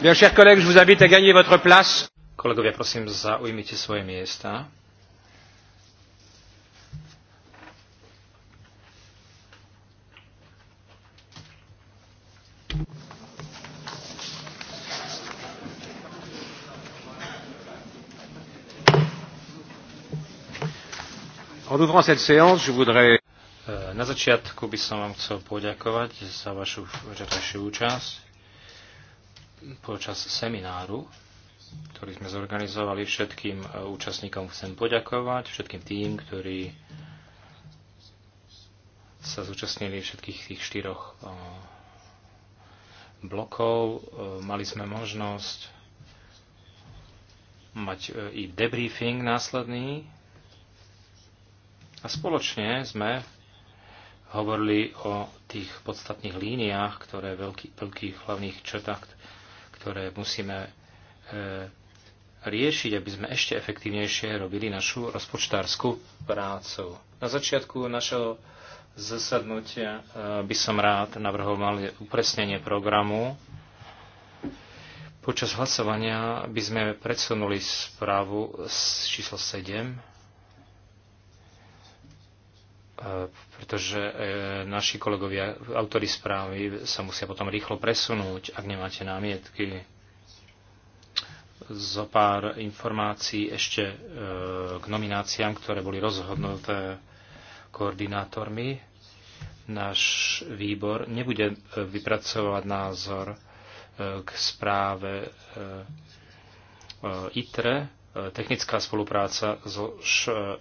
Bien, chers collègues, je vous invite à gagner votre place. Kolegovia, prosím, zaujmite svoje miesta. En ouvrant cette séance, je voudrais na začiatku by som vám chcel poďakovať za vašu včerajšiu účasť počas semináru, ktorý sme zorganizovali všetkým e, účastníkom. Chcem poďakovať všetkým tým, ktorí sa zúčastnili všetkých tých štyroch e, blokov. E, mali sme možnosť mať i debriefing následný a spoločne sme hovorili o tých podstatných líniách, ktoré veľký, veľkých hlavných črtách, ktoré musíme e, riešiť, aby sme ešte efektívnejšie robili našu rozpočtárskú prácu. Na začiatku našeho zasadnutia e, by som rád navrhol malé upresnenie programu. Počas hlasovania by sme predsunuli správu z číslo 7 E, pretože e, naši kolegovia, autory správy, sa musia potom rýchlo presunúť, ak nemáte námietky. Zo pár informácií ešte e, k nomináciám, ktoré boli rozhodnuté koordinátormi. Náš výbor nebude vypracovať názor k správe ITRE, technická spolupráca so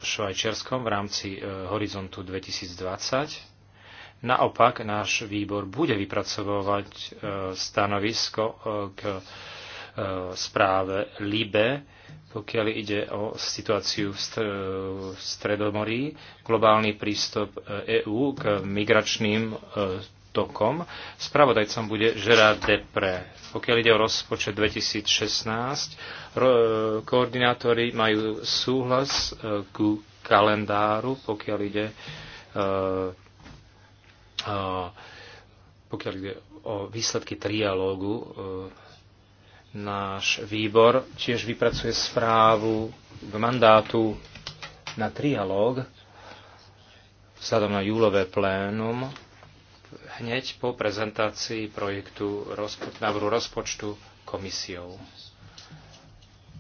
Švajčiarskom v rámci e, Horizontu 2020. Naopak, náš výbor bude vypracovovať e, stanovisko e, k správe LIBE, pokiaľ ide o situáciu v Stredomorí, globálny prístup EÚ k migračným tokom. Spravodajcom bude Gerard Depre. Pokiaľ ide o rozpočet 2016, ro- e, koordinátori majú súhlas e, ku kalendáru, pokiaľ ide, uh, uh, pokiaľ ide o výsledky trialógu. Uh, náš výbor tiež vypracuje správu k mandátu na trialóg vzhľadom na júlové plénum hneď po prezentácii projektu rozpoč- návrhu rozpočtu komisiou.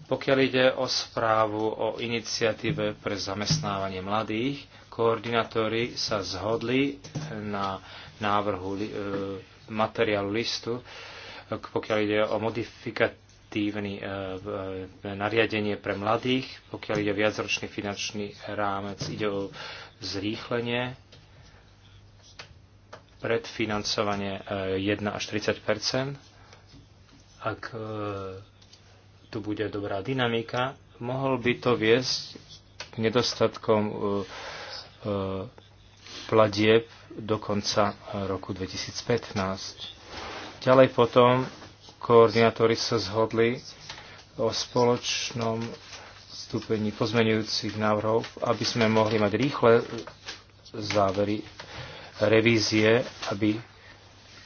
Pokiaľ ide o správu o iniciatíve pre zamestnávanie mladých, koordinátori sa zhodli na návrhu e, materiálu listu, pokiaľ ide o modifikatívne e, nariadenie pre mladých, pokiaľ ide o viacročný finančný rámec, ide o zrýchlenie predfinancovanie 1 eh, až 30 ak eh, tu bude dobrá dynamika, mohol by to viesť k nedostatkom eh, pladieb do konca roku 2015. Ďalej potom koordinátori sa zhodli o spoločnom stupení pozmenujúcich návrhov, aby sme mohli mať rýchle závery revízie, aby,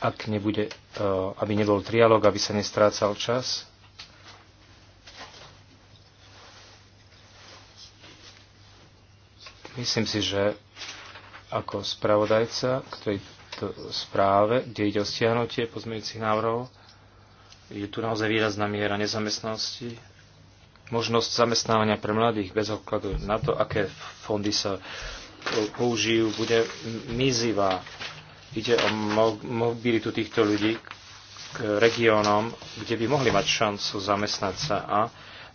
ak nebude, e, aby nebol trialog, aby sa nestrácal čas. Myslím si, že ako spravodajca k tejto správe, kde ide o stiahnutie pozmeňujúcich návrhov, je tu naozaj výrazná miera nezamestnanosti, možnosť zamestnávania pre mladých bez ohľadu na to, aké fondy sa použijú, bude mizivá. Ide o mobilitu týchto ľudí k regiónom, kde by mohli mať šancu zamestnať sa a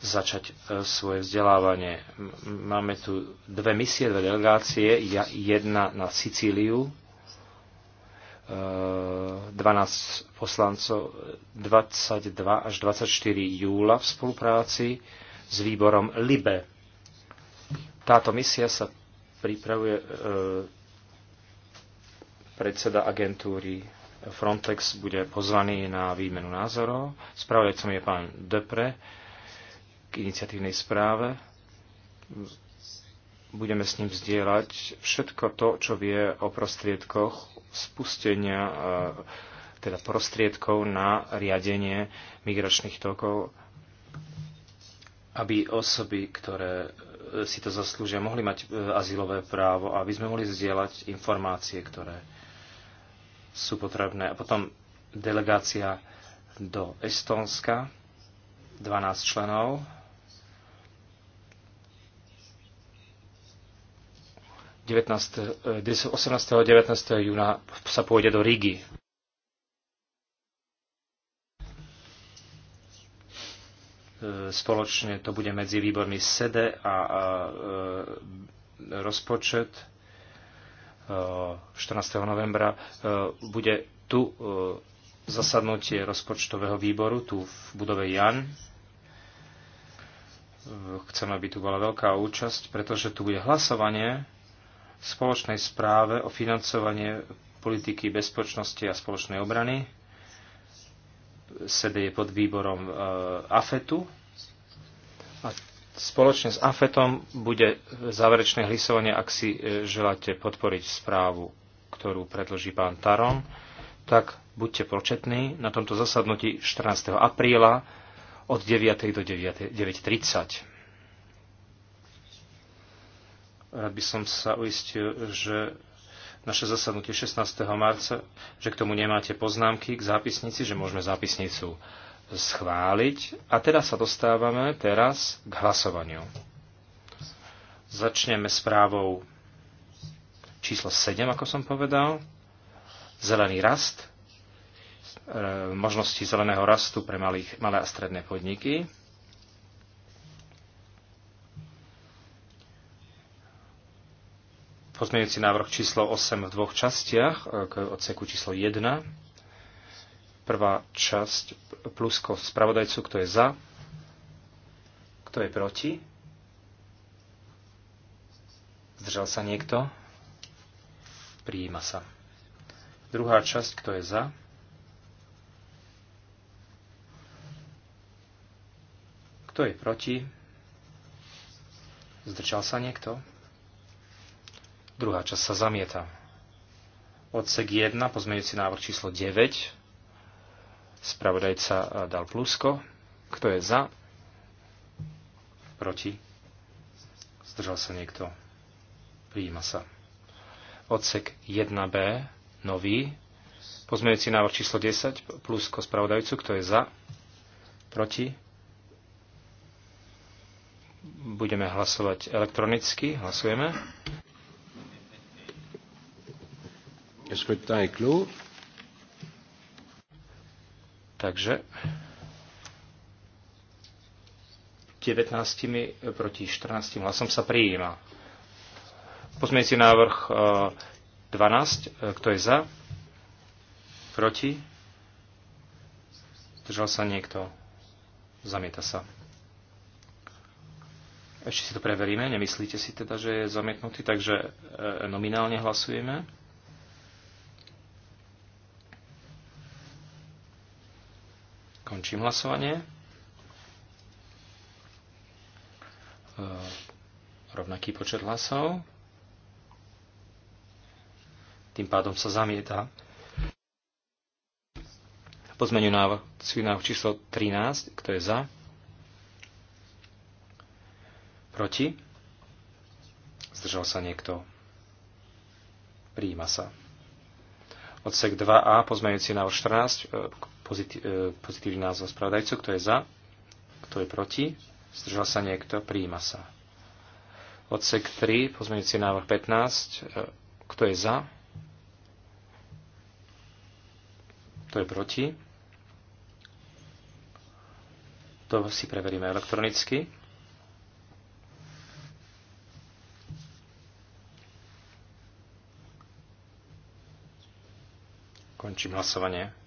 začať e, svoje vzdelávanie. Máme tu dve misie, dve delegácie, jedna na Sicíliu, 12 e, poslancov 22 až 24 júla v spolupráci s výborom LIBE. Táto misia sa pripravuje e, predseda agentúry Frontex bude pozvaný na výmenu názorov. Spravodajcom je pán Depre k iniciatívnej správe. Budeme s ním vzdielať všetko to, čo vie o prostriedkoch spustenia, e, teda prostriedkov na riadenie migračných tokov, aby osoby, ktoré si to zaslúžia, mohli mať e, azylové právo, aby sme mohli zdieľať informácie, ktoré sú potrebné. A potom delegácia do Estónska, 12 členov. Devetnáct, e, 18. a 19. júna sa pôjde do Rigi. E, spoločne to bude medzi výbormi SEDE a, a e, rozpočet 14. E, novembra bude tu zasadnutie rozpočtového výboru tu v budove Jan. Chcem, aby tu bola veľká účasť, pretože tu bude hlasovanie v spoločnej správe o financovanie politiky bezpečnosti a spoločnej obrany sebe je pod výborom e, AFETu a spoločne s AFETom bude záverečné hlisovanie, ak si e, želáte podporiť správu, ktorú predloží pán Taron, tak buďte početní na tomto zasadnutí 14. apríla od 9. do 9.30. Rád by som sa uistil, že naše zasadnutie 16. marca, že k tomu nemáte poznámky k zápisnici, že môžeme zápisnicu schváliť. A teda sa dostávame teraz k hlasovaniu. Začneme správou číslo 7, ako som povedal. Zelený rast, e, možnosti zeleného rastu pre malých, malé a stredné podniky. pozmeňujúci návrh číslo 8 v dvoch častiach e, k odseku číslo 1. Prvá časť plusko spravodajcu, kto je za, kto je proti. Zdržal sa niekto? Prijíma sa. Druhá časť, kto je za? Kto je proti? Zdržal sa niekto? Druhá časť sa zamieta. Odsek 1, pozmeňujúci návrh číslo 9. Spravodajca eh, dal plusko. Kto je za? Proti? Zdržal sa niekto? Prijíma sa. Odsek 1b, nový. Pozmeňujúci návrh číslo 10, plusko spravodajcu. Kto je za? Proti? Budeme hlasovať elektronicky. Hlasujeme. Le scrutin est clos. Takže 19 eh, proti 14 hlasom sa prijíma. si návrh 12. Eh, eh, kto je za? Proti? Držal sa niekto? Zamieta sa. Ešte si to preveríme, nemyslíte si teda, že je zamietnutý, takže nominálne hlasujeme. Končím hlasovanie. E, rovnaký počet hlasov. Tým pádom sa zamieta. Pozmeniu návrh, návrh číslo 13. Kto je za? Proti? Zdržal sa niekto? Príjima sa. Odsek 2a, pozmeňujúci návrh 14, E, pozitívny názor spravodajcov, kto je za, kto je proti, zdržal sa niekto, prijíma sa. Odsek 3, pozmeňujúci návrh 15, e, kto je za, kto je proti, to si preveríme elektronicky. Končím hlasovanie.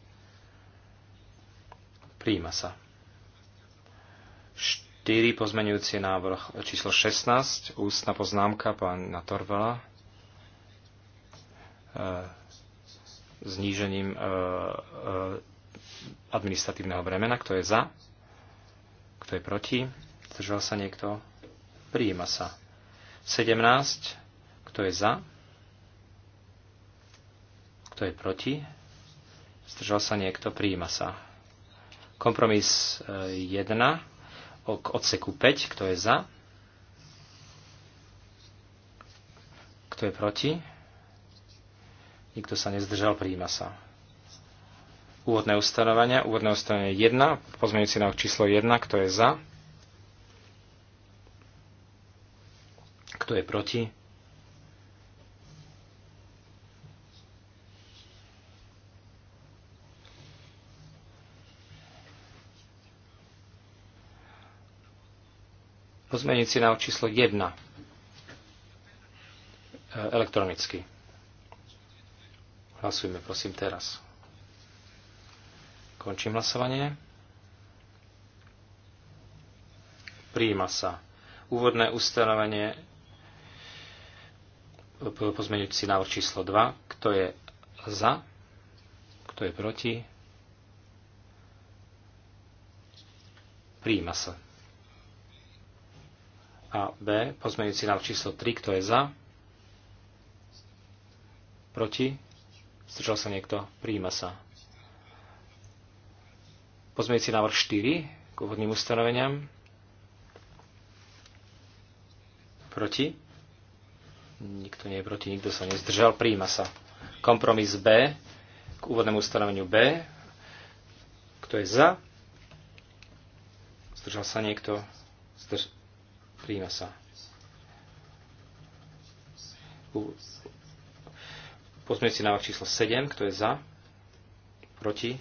Príjima sa. 4 pozmenujúci návrh číslo 16, ústna poznámka pána Torvala. E, znížením e, e, administratívneho bremena. Kto je za? Kto je proti? Zdržal sa niekto? Príjima sa. 17. Kto je za? Kto je proti? Zdržal sa niekto? Príjima sa. Kompromis 1 e, k odseku 5, kto je za, kto je proti, nikto sa nezdržal, príjima sa. Úvodné ustanovenie. úvodné ustanovenie 1, pozmeňujúci návrh číslo 1, kto je za, kto je proti, Pozmenici návrh číslo 1 e, elektronicky. Hlasujme prosím teraz. Končím hlasovanie. Príjima sa. Úvodné ustanovenie pozmeňujúci návrh číslo 2. Kto je za? Kto je proti? Príjima sa a B, pozmeňujúci návrh číslo 3, kto je za, proti, zdržal sa niekto, príjima sa. Pozmeňujúci návrh 4 k úvodným ustanoveniam, proti, nikto nie je proti, nikto sa nezdržal, príjima sa. Kompromis B k úvodnému ustanoveniu B, kto je za, zdržal sa niekto, zdrž- Príjma sa. si návrh číslo 7, kto je za? Proti?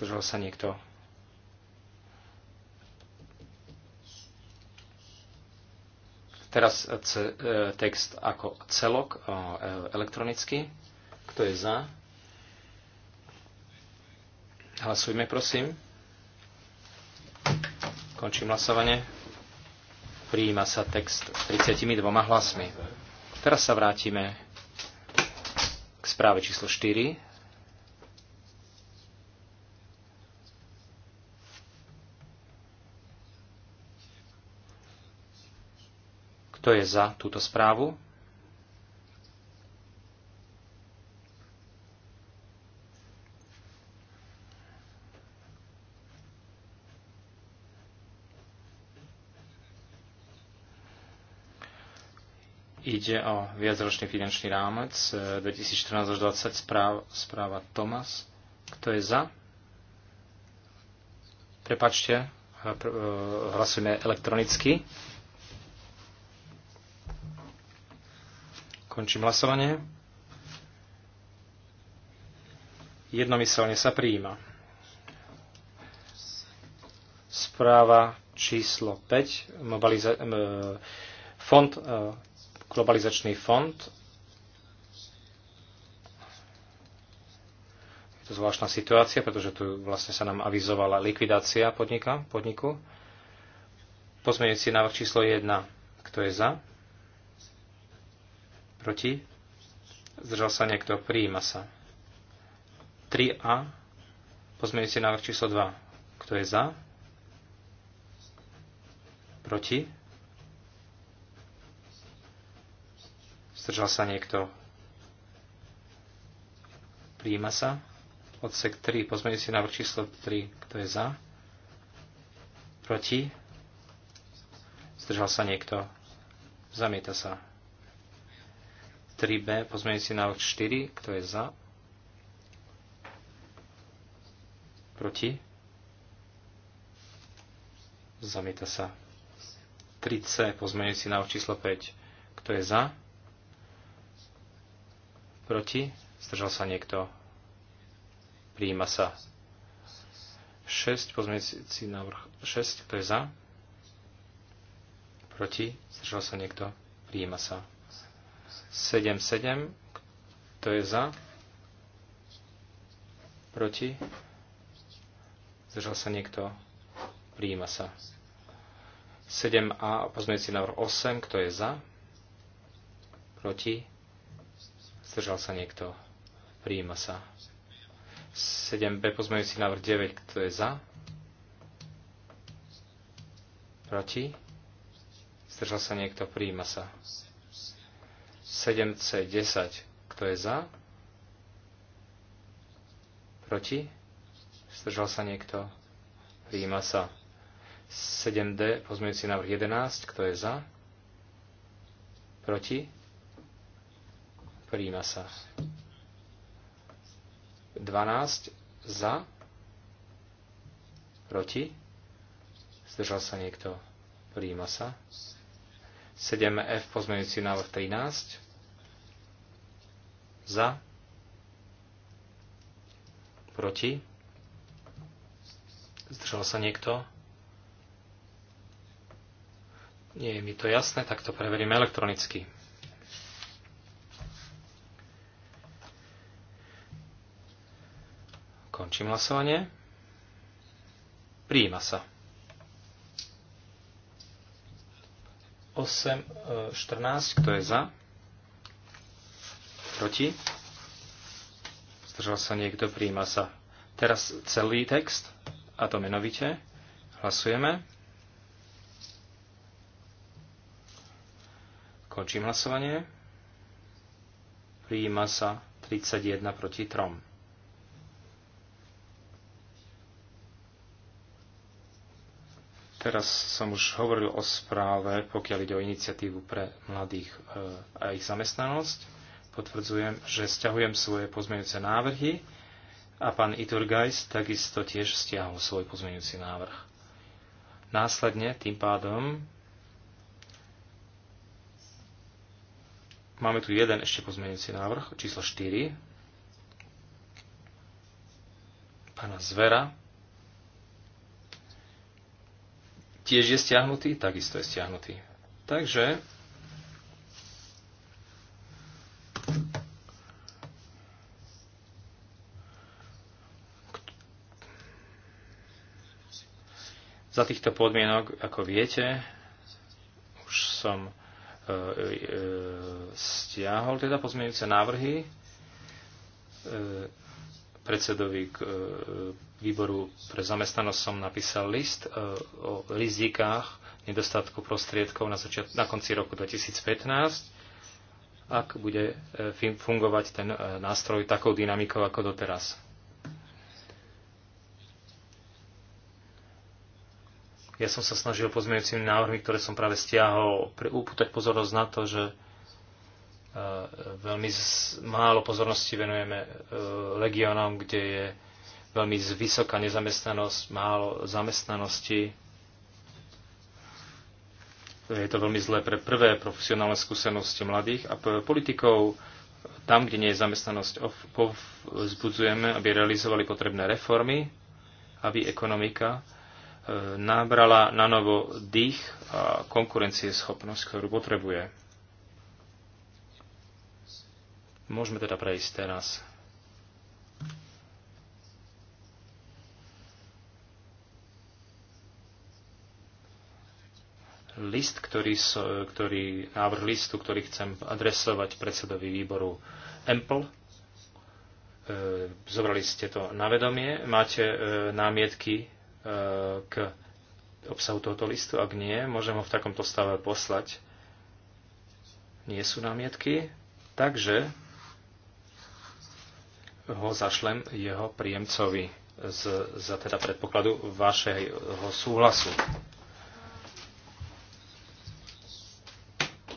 Zdržal sa niekto? Teraz e, text ako celok e, elektronicky. Kto je za? Hlasujme, prosím. Končím hlasovanie. Prijíma sa text 32 hlasmi. Teraz sa vrátime k správe číslo 4. Kto je za túto správu? Ide o viacročný finančný rámec 2014 e, až 2020 správ, správa Tomas. Kto je za? Prepačte, e, e, hlasujeme elektronicky. Končím hlasovanie. Jednomyselne sa prijíma. Správa číslo 5. Mobiliza- fond globalizačný fond. Je to zvláštna situácia, pretože tu vlastne sa nám avizovala likvidácia podnika, podniku. Pozmeňujúci návrh číslo 1. Kto je za? Proti? Zdržal sa niekto? Prijíma sa. 3a. Pozmeňujúci návrh číslo 2. Kto je za? Proti? Zdržal sa niekto? Príjima sa. Odsek 3. Pozmeňujem si návrh číslo 3. Kto je za? Proti? Zdržal sa niekto? Zamieta sa. 3b. Pozmeňujem si návrh 4. Kto je za? Proti? Zamieta sa. 3c. Pozmeňujem si návrh číslo 5. Kto je za? Proti? Zdržal sa niekto? Prijíma sa. 6, si návrh 6, kto je za? Proti? Zdržal sa niekto? Prijíma sa. 7, 7, kto je za? Proti? Zdržal sa niekto? Prijíma sa. 7a, pozmeňujúci návrh 8, kto je za? Proti? Zdržal sa niekto? príjima sa. 7b pozmeňujúci návrh 9. Kto je za? Proti? Zdržal sa niekto? príjima sa. 7c 10. Kto je za? Proti? Zdržal sa niekto? príjima sa. 7D, pozmeňujúci návrh 11. Kto je za? Proti? Príjma sa. 12 za. Proti. Zdržal sa niekto. Príjma sa. 7F pozmeňujúci návrh 13. Za. Proti. Zdržal sa niekto. Nie je mi to jasné, tak to preverím elektronicky. Končím hlasovanie. Príjima sa. 8, 14, e, kto je za? Proti? Zdržal sa niekto, príjima sa. Teraz celý text, a to menovite. Hlasujeme. Končím hlasovanie. Prijíma sa 31 proti 3. Teraz som už hovoril o správe, pokiaľ ide o iniciatívu pre mladých eh, a ich zamestnanosť. Potvrdzujem, že stiahujem svoje pozmeňujúce návrhy a pán Iturgajs takisto tiež stiahol svoj pozmeňujúci návrh. Následne tým pádom máme tu jeden ešte pozmeňujúci návrh, číslo 4, pána Zvera, tiež je stiahnutý, takisto je stiahnutý. Takže Za týchto podmienok, ako viete, už som e, e, stiahol teda pozmeňujúce návrhy e, predsedovi k, e, výboru pre zamestnanosť som napísal list e, o rizikách nedostatku prostriedkov na, začiat- na konci roku 2015, ak bude e, fungovať ten e, nástroj takou dynamikou ako doteraz. Ja som sa snažil pozmeňujúcimi návrhmi, ktoré som práve stiahol, upútať pozornosť na to, že veľmi málo pozornosti venujeme legionom, kde je veľmi vysoká nezamestnanosť, málo zamestnanosti. Je to veľmi zlé pre prvé profesionálne skúsenosti mladých a politikov tam, kde nie je zamestnanosť, vzbudzujeme, aby realizovali potrebné reformy, aby ekonomika e, nabrala na novo dých a konkurencieschopnosť, ktorú potrebuje. Môžeme teda prejsť teraz list, ktorý, ktorý, návrh listu, ktorý chcem adresovať predsedovi výboru EMPL. E, zobrali ste to na vedomie. Máte e, námietky e, k obsahu tohoto listu? Ak nie, môžem ho v takomto stave poslať. Nie sú námietky, takže ho zašlem jeho príjemcovi z, za teda predpokladu vašeho súhlasu.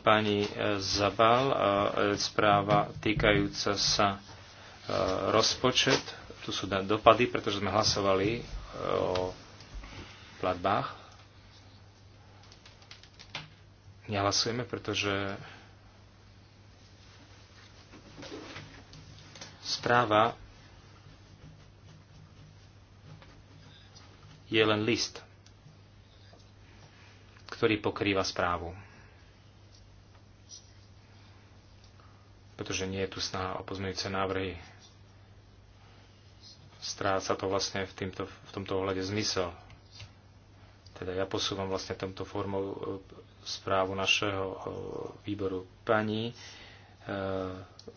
pani e, Zabal, e, správa týkajúca sa e, rozpočet. Tu sú dopady, pretože sme hlasovali o platbách. Nehlasujeme, pretože správa je len list, ktorý pokrýva správu. pretože nie je tu snaha o pozmeňujúce návrhy. Stráca to vlastne v, týmto, v tomto ohľade zmysel. Teda ja posúvam vlastne tomto formou e, správu našeho e, výboru pani e,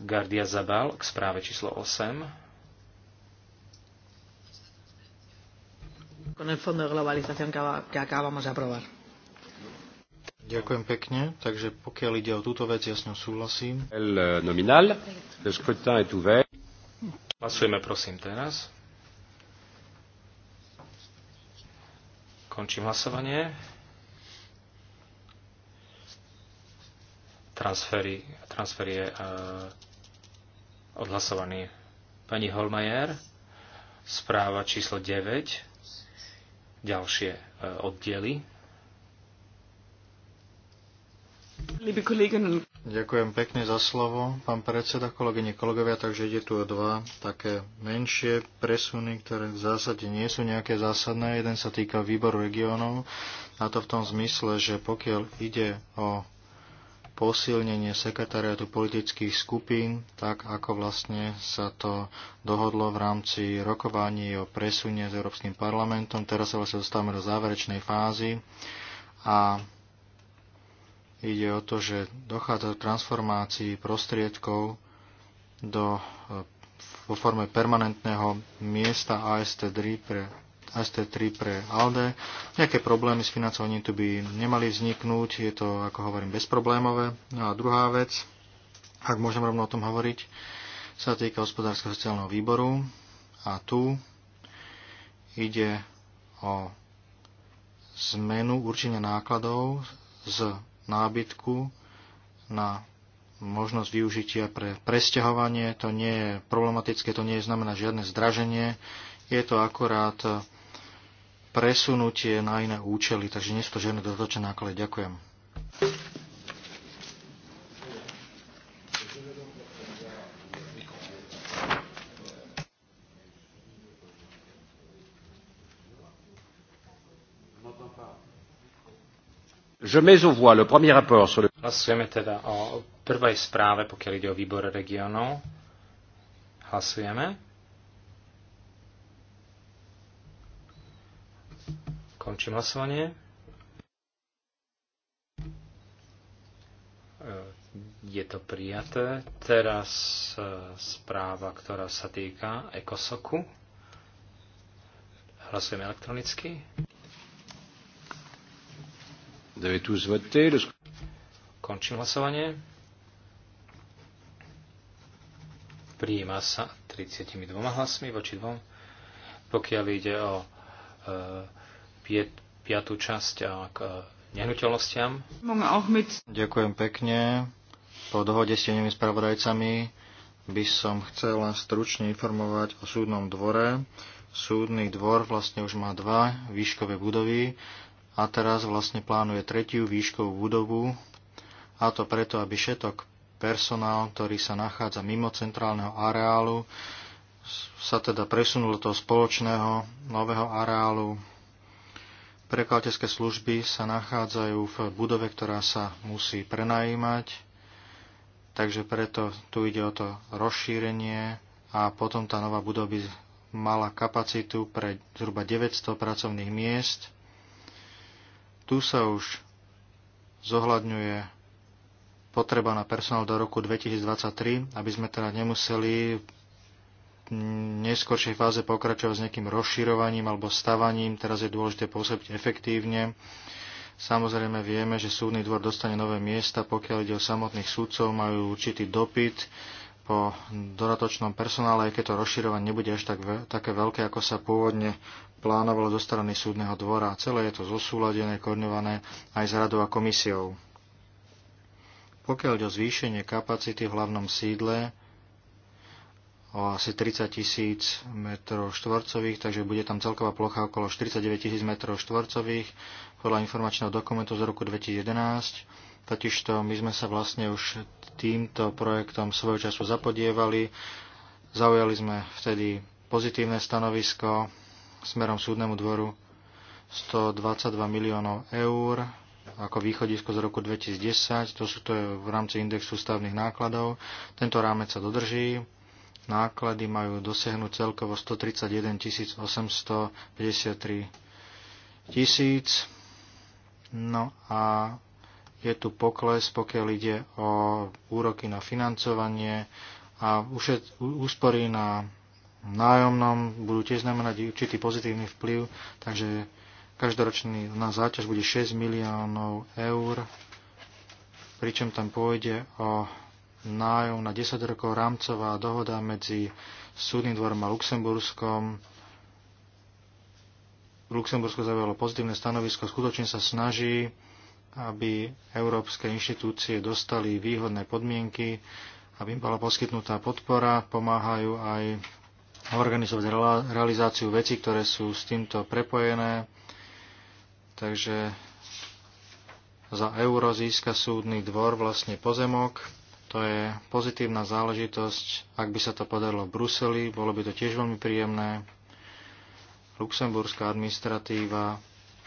Gardia Zabal k správe číslo 8. Con el fondo de globalización que acabamos de aprobar. Ďakujem pekne. Takže pokiaľ ide o túto vec, ja s ňou súhlasím. Eh, nominal. Le scrutin est ouvert. Hlasujeme prosím teraz. Končím hlasovanie. Transfery, transfer je uh, odhlasovaný. Pani Holmajer, správa číslo 9, ďalšie uh, oddiely. Ďakujem pekne za slovo, pán predseda, kolegyne, kolegovia. Takže ide tu o dva také menšie presuny, ktoré v zásade nie sú nejaké zásadné. Jeden sa týka výboru regiónov, a to v tom zmysle, že pokiaľ ide o posilnenie sekretariatu politických skupín, tak ako vlastne sa to dohodlo v rámci rokovaní o presune s Európskym parlamentom. Teraz sa vlastne dostávame do záverečnej fázy a Ide o to, že dochádza k transformácii prostriedkov do, e, vo forme permanentného miesta AST3 pre, AST3 pre ALDE. Nejaké problémy s financovaním tu by nemali vzniknúť, je to, ako hovorím, bezproblémové. No a druhá vec, ak môžem rovno o tom hovoriť, sa týka hospodárskeho sociálneho výboru a tu ide o zmenu určenia nákladov z nábytku, na možnosť využitia pre presťahovanie. To nie je problematické, to nie je znamená žiadne zdraženie. Je to akorát presunutie na iné účely, takže nie sú to žiadne dodatočné náklady. Ďakujem. Je mets voix le premier rapport sur le... Hlasujeme teda o prvej správe, pokiaľ ide o výbor regionov. Hlasujeme. Končím hlasovanie. E, je to prijaté. Teraz e, správa, ktorá sa týka ECOSOKu. Hlasujeme elektronicky. Končím hlasovanie. Prijíma sa 32 hlasmi voči dvom. Pokiaľ ide o e, piatú časť a k e, nehnuteľnostiam. Ďakujem pekne. Po dohode s tenými spravodajcami by som chcel len stručne informovať o súdnom dvore. Súdny dvor vlastne už má dva výškové budovy a teraz vlastne plánuje tretiu výškovú budovu a to preto, aby všetok personál, ktorý sa nachádza mimo centrálneho areálu, sa teda presunul do toho spoločného nového areálu. Prekladateľské služby sa nachádzajú v budove, ktorá sa musí prenajímať, takže preto tu ide o to rozšírenie a potom tá nová budova by mala kapacitu pre zhruba 900 pracovných miest tu sa už zohľadňuje potreba na personál do roku 2023, aby sme teda nemuseli v neskôršej fáze pokračovať s nejakým rozširovaním alebo stavaním. Teraz je dôležité pôsobiť efektívne. Samozrejme vieme, že súdny dvor dostane nové miesta, pokiaľ ide o samotných súdcov, majú určitý dopyt po dodatočnom personále, aj keď to rozširovanie nebude až tak, také veľké, ako sa pôvodne plánovalo zo strany súdneho dvora. Celé je to zosúladené, koordinované aj s radou a komisiou. Pokiaľ ide o zvýšenie kapacity v hlavnom sídle o asi 30 tisíc m, štvorcových, takže bude tam celková plocha okolo 49 tisíc m, štvorcových podľa informačného dokumentu z roku 2011. Totižto my sme sa vlastne už týmto projektom svojho času zapodievali. Zaujali sme vtedy pozitívne stanovisko smerom súdnemu dvoru 122 miliónov eur ako východisko z roku 2010, to, sú, to je v rámci indexu stavných nákladov. Tento rámec sa dodrží, náklady majú dosiahnuť celkovo 131 853 tisíc. No a je tu pokles, pokiaľ ide o úroky na financovanie a úspory na nájomnom budú tiež znamenať určitý pozitívny vplyv, takže každoročný na záťaž bude 6 miliónov eur, pričom tam pôjde o nájom na 10 rokov rámcová dohoda medzi súdnym dvorom a Luxemburskom. Luxembursko zaujalo pozitívne stanovisko, skutočne sa snaží, aby európske inštitúcie dostali výhodné podmienky, aby im bola poskytnutá podpora, pomáhajú aj organizovať realizáciu vecí, ktoré sú s týmto prepojené. Takže za euro získa súdny dvor vlastne pozemok. To je pozitívna záležitosť. Ak by sa to podarilo v Bruseli, bolo by to tiež veľmi príjemné. Luxemburská administratíva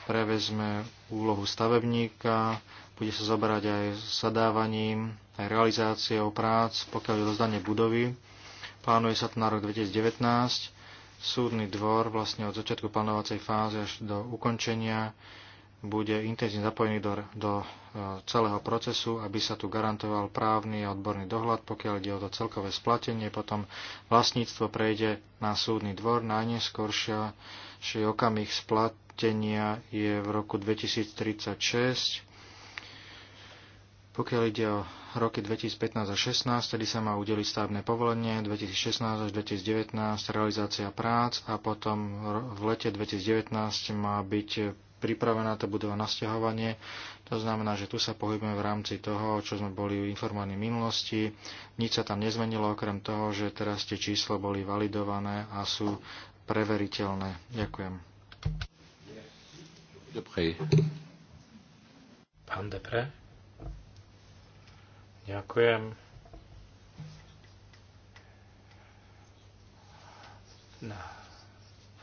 prevezme úlohu stavebníka, bude sa zabrať aj zadávaním, aj realizáciou prác, pokiaľ je rozdanie budovy. Plánuje sa to na rok 2019. Súdny dvor vlastne od začiatku plánovacej fázy až do ukončenia bude intenzívne zapojený do, do e, celého procesu, aby sa tu garantoval právny a odborný dohľad, pokiaľ ide o to celkové splatenie, potom vlastníctvo prejde na súdny dvor, Najneskôršia okamih splatenia je v roku 2036 pokiaľ ide o roky 2015 a 16, tedy sa má udeliť stavebné povolenie, 2016 až 2019 realizácia prác a potom v lete 2019 má byť pripravená tá budova na stiahovanie. To znamená, že tu sa pohybujeme v rámci toho, čo sme boli informovaní v minulosti. Nič sa tam nezmenilo, okrem toho, že teraz tie čísla boli validované a sú preveriteľné. Ďakujem. Dobre. Pán Depre. Ďakujem. No.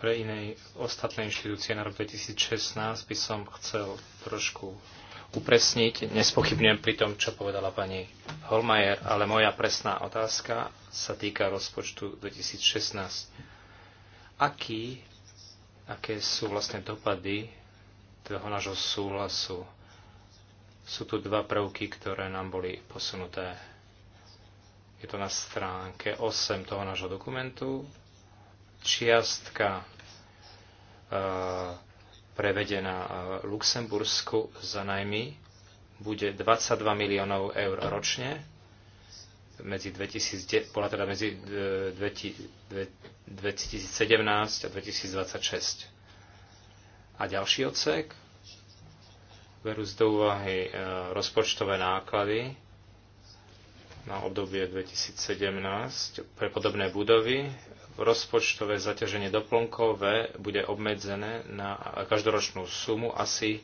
Pre iné ostatné inštitúcie na rok 2016 by som chcel trošku upresniť. Nespochybňujem pri tom, čo povedala pani Holmajer, ale moja presná otázka sa týka rozpočtu 2016. Aký, aké sú vlastne dopady toho nášho súhlasu sú tu dva prvky, ktoré nám boli posunuté. Je to na stránke 8 toho nášho dokumentu. Čiastka e, prevedená e, Luxembursku za najmy bude 22 miliónov eur ročne. Medzi 2000, bola teda medzi 2017 e, a 2026. A ďalší odsek berú z do úvahy e, rozpočtové náklady na obdobie 2017 pre podobné budovy. Rozpočtové zaťaženie doplnkové bude obmedzené na každoročnú sumu asi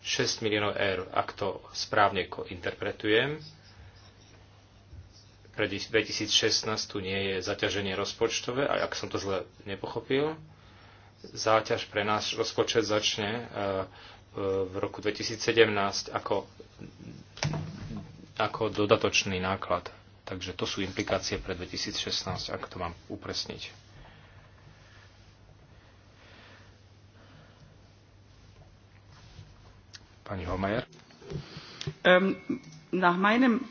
6 miliónov eur, ak to správne interpretujem. Pre 2016 tu nie je zaťaženie rozpočtové, a ak som to zle nepochopil, záťaž pre nás rozpočet začne e, v roku 2017 ako, ako dodatočný náklad. Takže to sú implikácie pre 2016, ak to mám upresniť. Pani Homajer? Um, na meinem...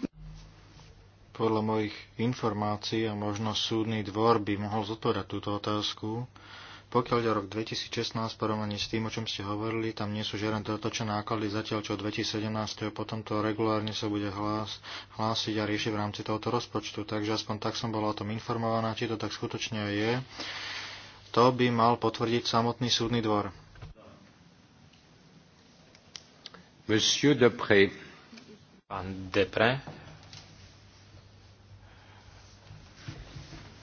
Podľa mojich informácií a možno súdny dvor by mohol zodpovedať túto otázku, pokiaľ ide rok 2016 porovnaní s tým, o čom ste hovorili, tam nie sú žiadne dotočené náklady, zatiaľ čo 2017 potom to regulárne sa bude hlás, hlásiť a riešiť v rámci tohoto rozpočtu. Takže aspoň tak som bola o tom informovaná, či to tak skutočne je. To by mal potvrdiť samotný súdny dvor. Monsieur Depré. Pán Depré,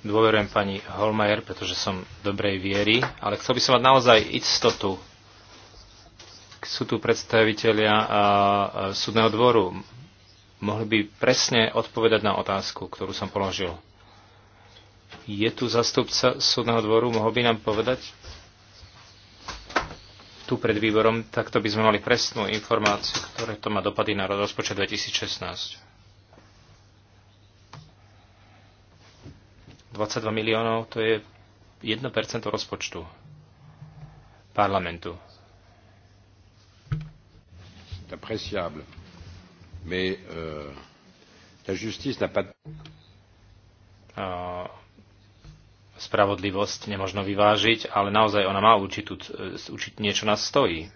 Dôverujem pani Holmajer, pretože som dobrej viery, ale chcel by som mať naozaj istotu. Sú tu predstavitelia a, a súdneho dvoru. Mohli by presne odpovedať na otázku, ktorú som položil. Je tu zastupca súdneho dvoru, mohol by nám povedať? tu pred výborom, takto by sme mali presnú informáciu, ktoré to má dopady na rozpočet 2016. 22 miliónov to je 1% rozpočtu parlamentu. Appréciable. Mais euh, la justice n'a pas spravodlivosť nemožno vyvážiť, ale naozaj ona má určitú, e, určitú niečo nás stojí.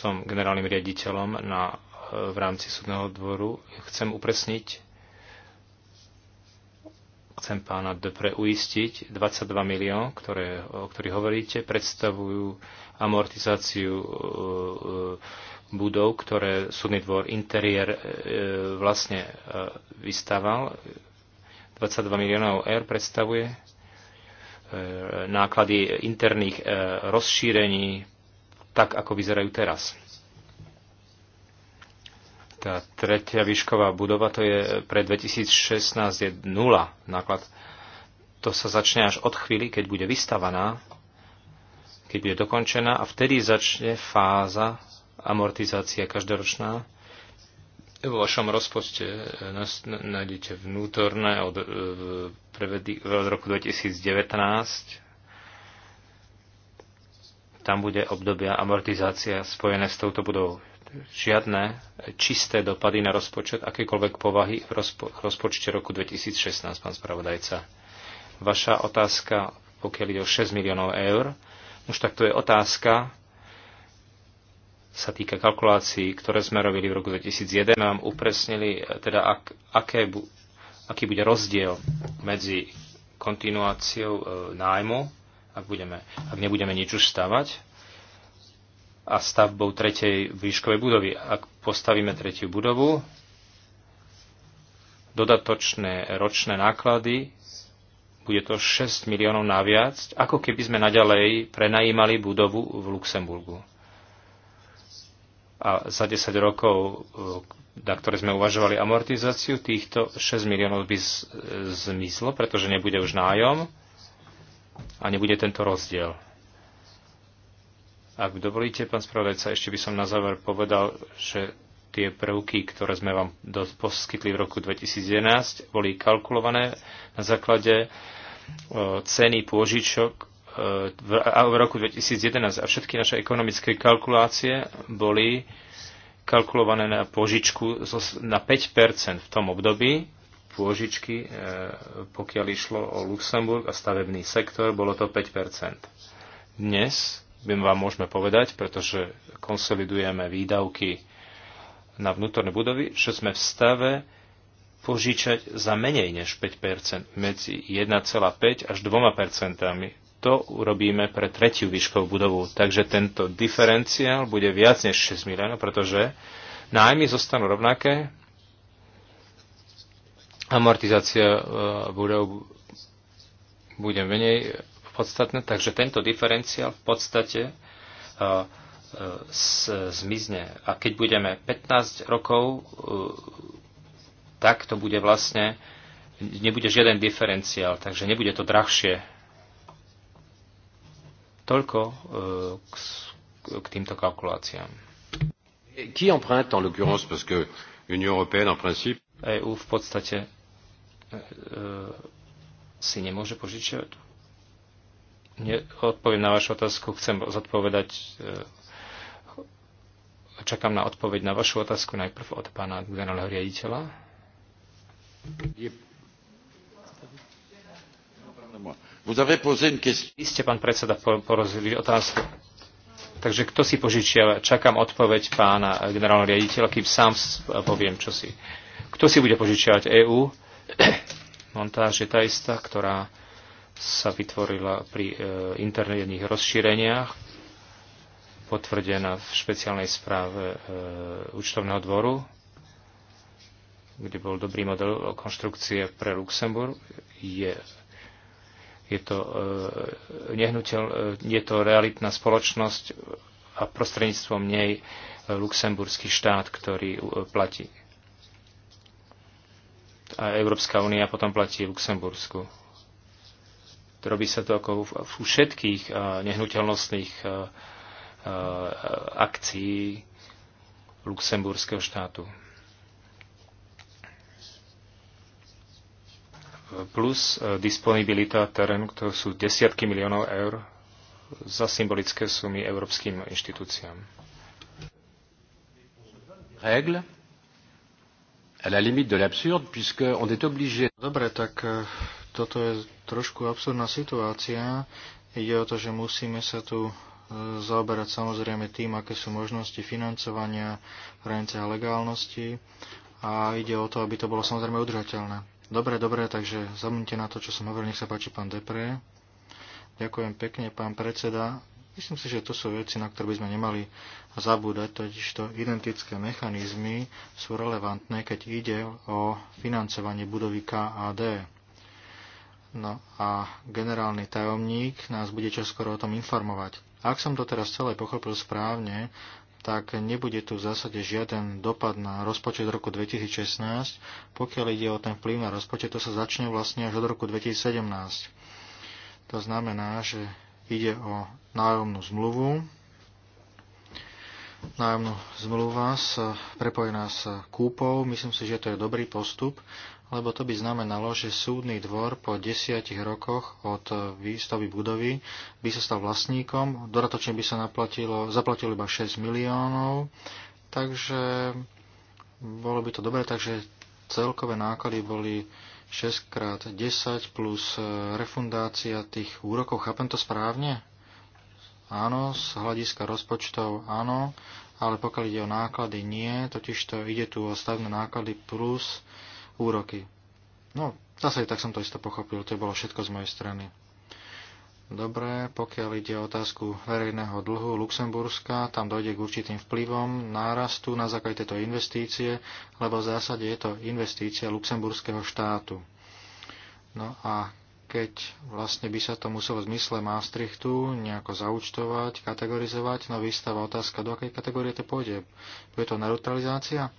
Som generálnym riaditeľom na, e, v rámci súdneho dvoru. Chcem upresniť chcem pána Depre uistiť, 22 milión, ktoré, o ktorých hovoríte, predstavujú amortizáciu e, e budov, ktoré súdny dvor interiér e, vlastne e, vystával. 22 miliónov eur predstavuje e, náklady interných rozšírení tak, ako vyzerajú teraz. Tá tretia výšková budova, to je pre 2016 je nula náklad. To sa začne až od chvíli, keď bude vystavaná, keď bude dokončená a vtedy začne fáza amortizácia každoročná. V vašom rozpočte eh, nájdete vnútorné od, od eh, roku 2019. Tam bude obdobia amortizácia spojené s touto budovou žiadne čisté dopady na rozpočet akékoľvek povahy v rozpo- rozpočte roku 2016, pán spravodajca. Vaša otázka, pokiaľ ide o 6 miliónov eur, už tak to je otázka, sa týka kalkulácií, ktoré sme robili v roku 2001, nám upresnili, teda ak, aké bu- aký bude rozdiel medzi kontinuáciou e, nájmu, ak, budeme, ak nebudeme nič už stavať, a stavbou tretej výškovej budovy. Ak postavíme tretiu budovu, dodatočné ročné náklady, bude to 6 miliónov naviac, ako keby sme naďalej prenajímali budovu v Luxemburgu. A za 10 rokov, eh, na ktoré sme uvažovali amortizáciu, týchto 6 miliónov by eh, zmizlo, pretože nebude už nájom a nebude tento rozdiel. Ak dovolíte, pán spravodajca, ešte by som na záver povedal, že tie prvky, ktoré sme vám poskytli v roku 2011, boli kalkulované na základe e, ceny pôžičok e, v roku 2011 a všetky naše ekonomické kalkulácie boli kalkulované na pôžičku na 5 v tom období pôžičky, e, pokiaľ išlo o Luxemburg a stavebný sektor, bolo to 5 Dnes vám môžeme povedať, pretože konsolidujeme výdavky na vnútorné budovy, že sme v stave požičať za menej než 5 medzi 1,5 až 2 percentami. To urobíme pre tretiu výškovú budovu. Takže tento diferenciál bude viac než 6 miliónov, pretože nájmy zostanú rovnaké, amortizácia e, budov bude menej podstatné, takže tento diferenciál v podstate uh, uh, zmizne. A keď budeme 15 rokov, uh, tak to bude vlastne, nebude žiaden diferenciál, takže nebude to drahšie. Toľko k, týmto kalkuláciám. Qui emprunte en l'occurrence parce que l'Union européenne en principe EU v podstate e, e, si nemôže požičiavať Odpoviem na vašu otázku. Chcem zodpovedať. E, čakám na odpoveď na vašu otázku najprv od pána generálneho riaditeľa. Vy ste, pán predseda, porozili otázku. Takže kto si požičia? Čakám odpoveď pána generálneho riaditeľa, kým sám poviem, čo si. Kto si bude požičiavať EÚ? Montáž je tá istá, ktorá sa vytvorila pri e, interných rozšíreniach, potvrdená v špeciálnej správe e, účtovného dvoru, kde bol dobrý model konštrukcie pre Luxemburg. Je, je, to, e, nehnuteľ, je to realitná spoločnosť a prostredníctvom nej luxemburský štát, ktorý platí. A Európska únia potom platí Luxembursku Robí sa to ako v všetkých eh, nehnuteľnostných eh, eh, akcií luxemburského štátu. Plus disponibilita terénu, to sú desiatky miliónov eur za symbolické sumy európskym inštitúciám. Règle à la limite de l'absurde puisqu'on est obligé Dobre, tak toto je trošku absurdná situácia. Ide o to, že musíme sa tu e, zaoberať samozrejme tým, aké sú možnosti financovania hranice a legálnosti a ide o to, aby to bolo samozrejme udržateľné. Dobre, dobre, takže zamnite na to, čo som hovoril. Nech sa páči, pán Depré. Ďakujem pekne, pán predseda. Myslím si, že to sú veci, na ktoré by sme nemali zabúdať, totiž to identické mechanizmy sú relevantné, keď ide o financovanie budovy KAD. No a generálny tajomník nás bude čoskoro o tom informovať. Ak som to teraz celé pochopil správne, tak nebude tu v zásade žiaden dopad na rozpočet roku 2016. Pokiaľ ide o ten vplyv na rozpočet, to sa začne vlastne až od roku 2017. To znamená, že ide o nájomnú zmluvu. Nájomnú zmluva sa prepojená s kúpou. Myslím si, že to je dobrý postup lebo to by znamenalo, že súdny dvor po desiatich rokoch od eh, výstavy budovy by sa stal vlastníkom, doratočne by sa naplatilo, zaplatilo iba 6 miliónov, takže bolo by to dobré, takže celkové náklady boli 6x10 plus eh, refundácia tých úrokov, chápem to správne? Áno, z hľadiska rozpočtov áno, ale pokiaľ ide o náklady, nie, totiž to ide tu o stavné náklady plus úroky. No, zase tak som to isto pochopil, to bolo všetko z mojej strany. Dobre, pokiaľ ide o otázku verejného dlhu Luxemburska, tam dojde k určitým vplyvom nárastu na základe tejto investície, lebo v zásade je to investícia luxemburského štátu. No a keď vlastne by sa to muselo v zmysle Maastrichtu nejako zaučtovať, kategorizovať, no vystáva otázka, do akej kategórie to pôjde. Bude to neutralizácia?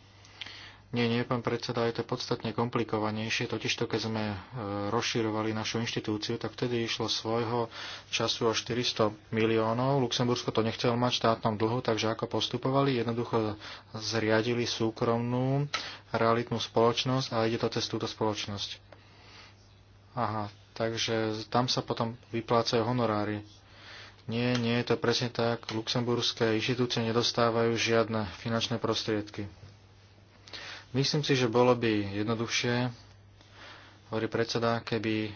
Nie, nie, pán predseda, je to podstatne komplikovanejšie, totižto keď sme e, rozširovali našu inštitúciu, tak vtedy išlo svojho času o 400 miliónov. Luxembursko to nechcel mať v štátnom dlhu, takže ako postupovali? Jednoducho zriadili súkromnú realitnú spoločnosť a ide to cez túto spoločnosť. Aha, takže tam sa potom vyplácajú honorári. Nie, nie je to presne tak. Luxemburské inštitúcie nedostávajú žiadne finančné prostriedky. Myslím si, že bolo by jednoduchšie, hovorí predseda, keby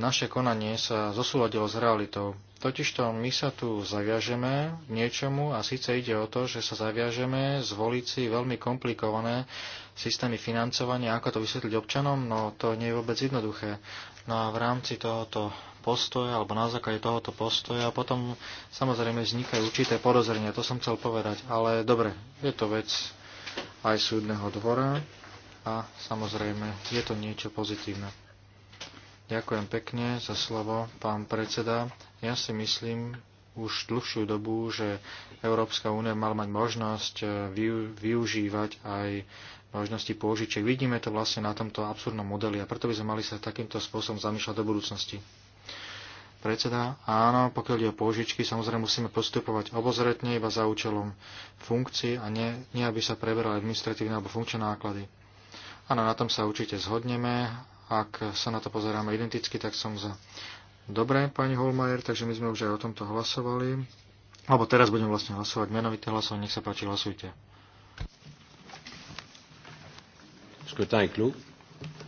naše konanie sa zosúladilo s realitou. Totižto my sa tu zaviažeme niečomu a síce ide o to, že sa zaviažeme zvoliť si veľmi komplikované systémy financovania, ako to vysvetliť občanom, no to nie je vôbec jednoduché. No a v rámci tohoto postoja, alebo na základe tohoto postoja, potom samozrejme vznikajú určité podozrenia, to som chcel povedať, ale dobre, je to vec aj súdneho dvora a samozrejme je to niečo pozitívne. Ďakujem pekne za slovo, pán predseda. Ja si myslím už dlhšiu dobu, že Európska únia mal mať možnosť eh, využívať aj možnosti pôžičiek. Vidíme to vlastne na tomto absurdnom modeli a preto by sme mali sa takýmto spôsobom zamýšľať do budúcnosti. Predseda, áno, pokiaľ ide o pôžičky, samozrejme musíme postupovať obozretne iba za účelom funkcií a nie, nie aby sa preberali administratívne alebo funkčné náklady. Áno, na tom sa určite zhodneme. Ak sa na to pozeráme identicky, tak som za. dobré, pani Holmajer, takže my sme už aj o tomto hlasovali. Alebo teraz budem vlastne hlasovať menovité hlasovanie. Nech sa páči, hlasujte.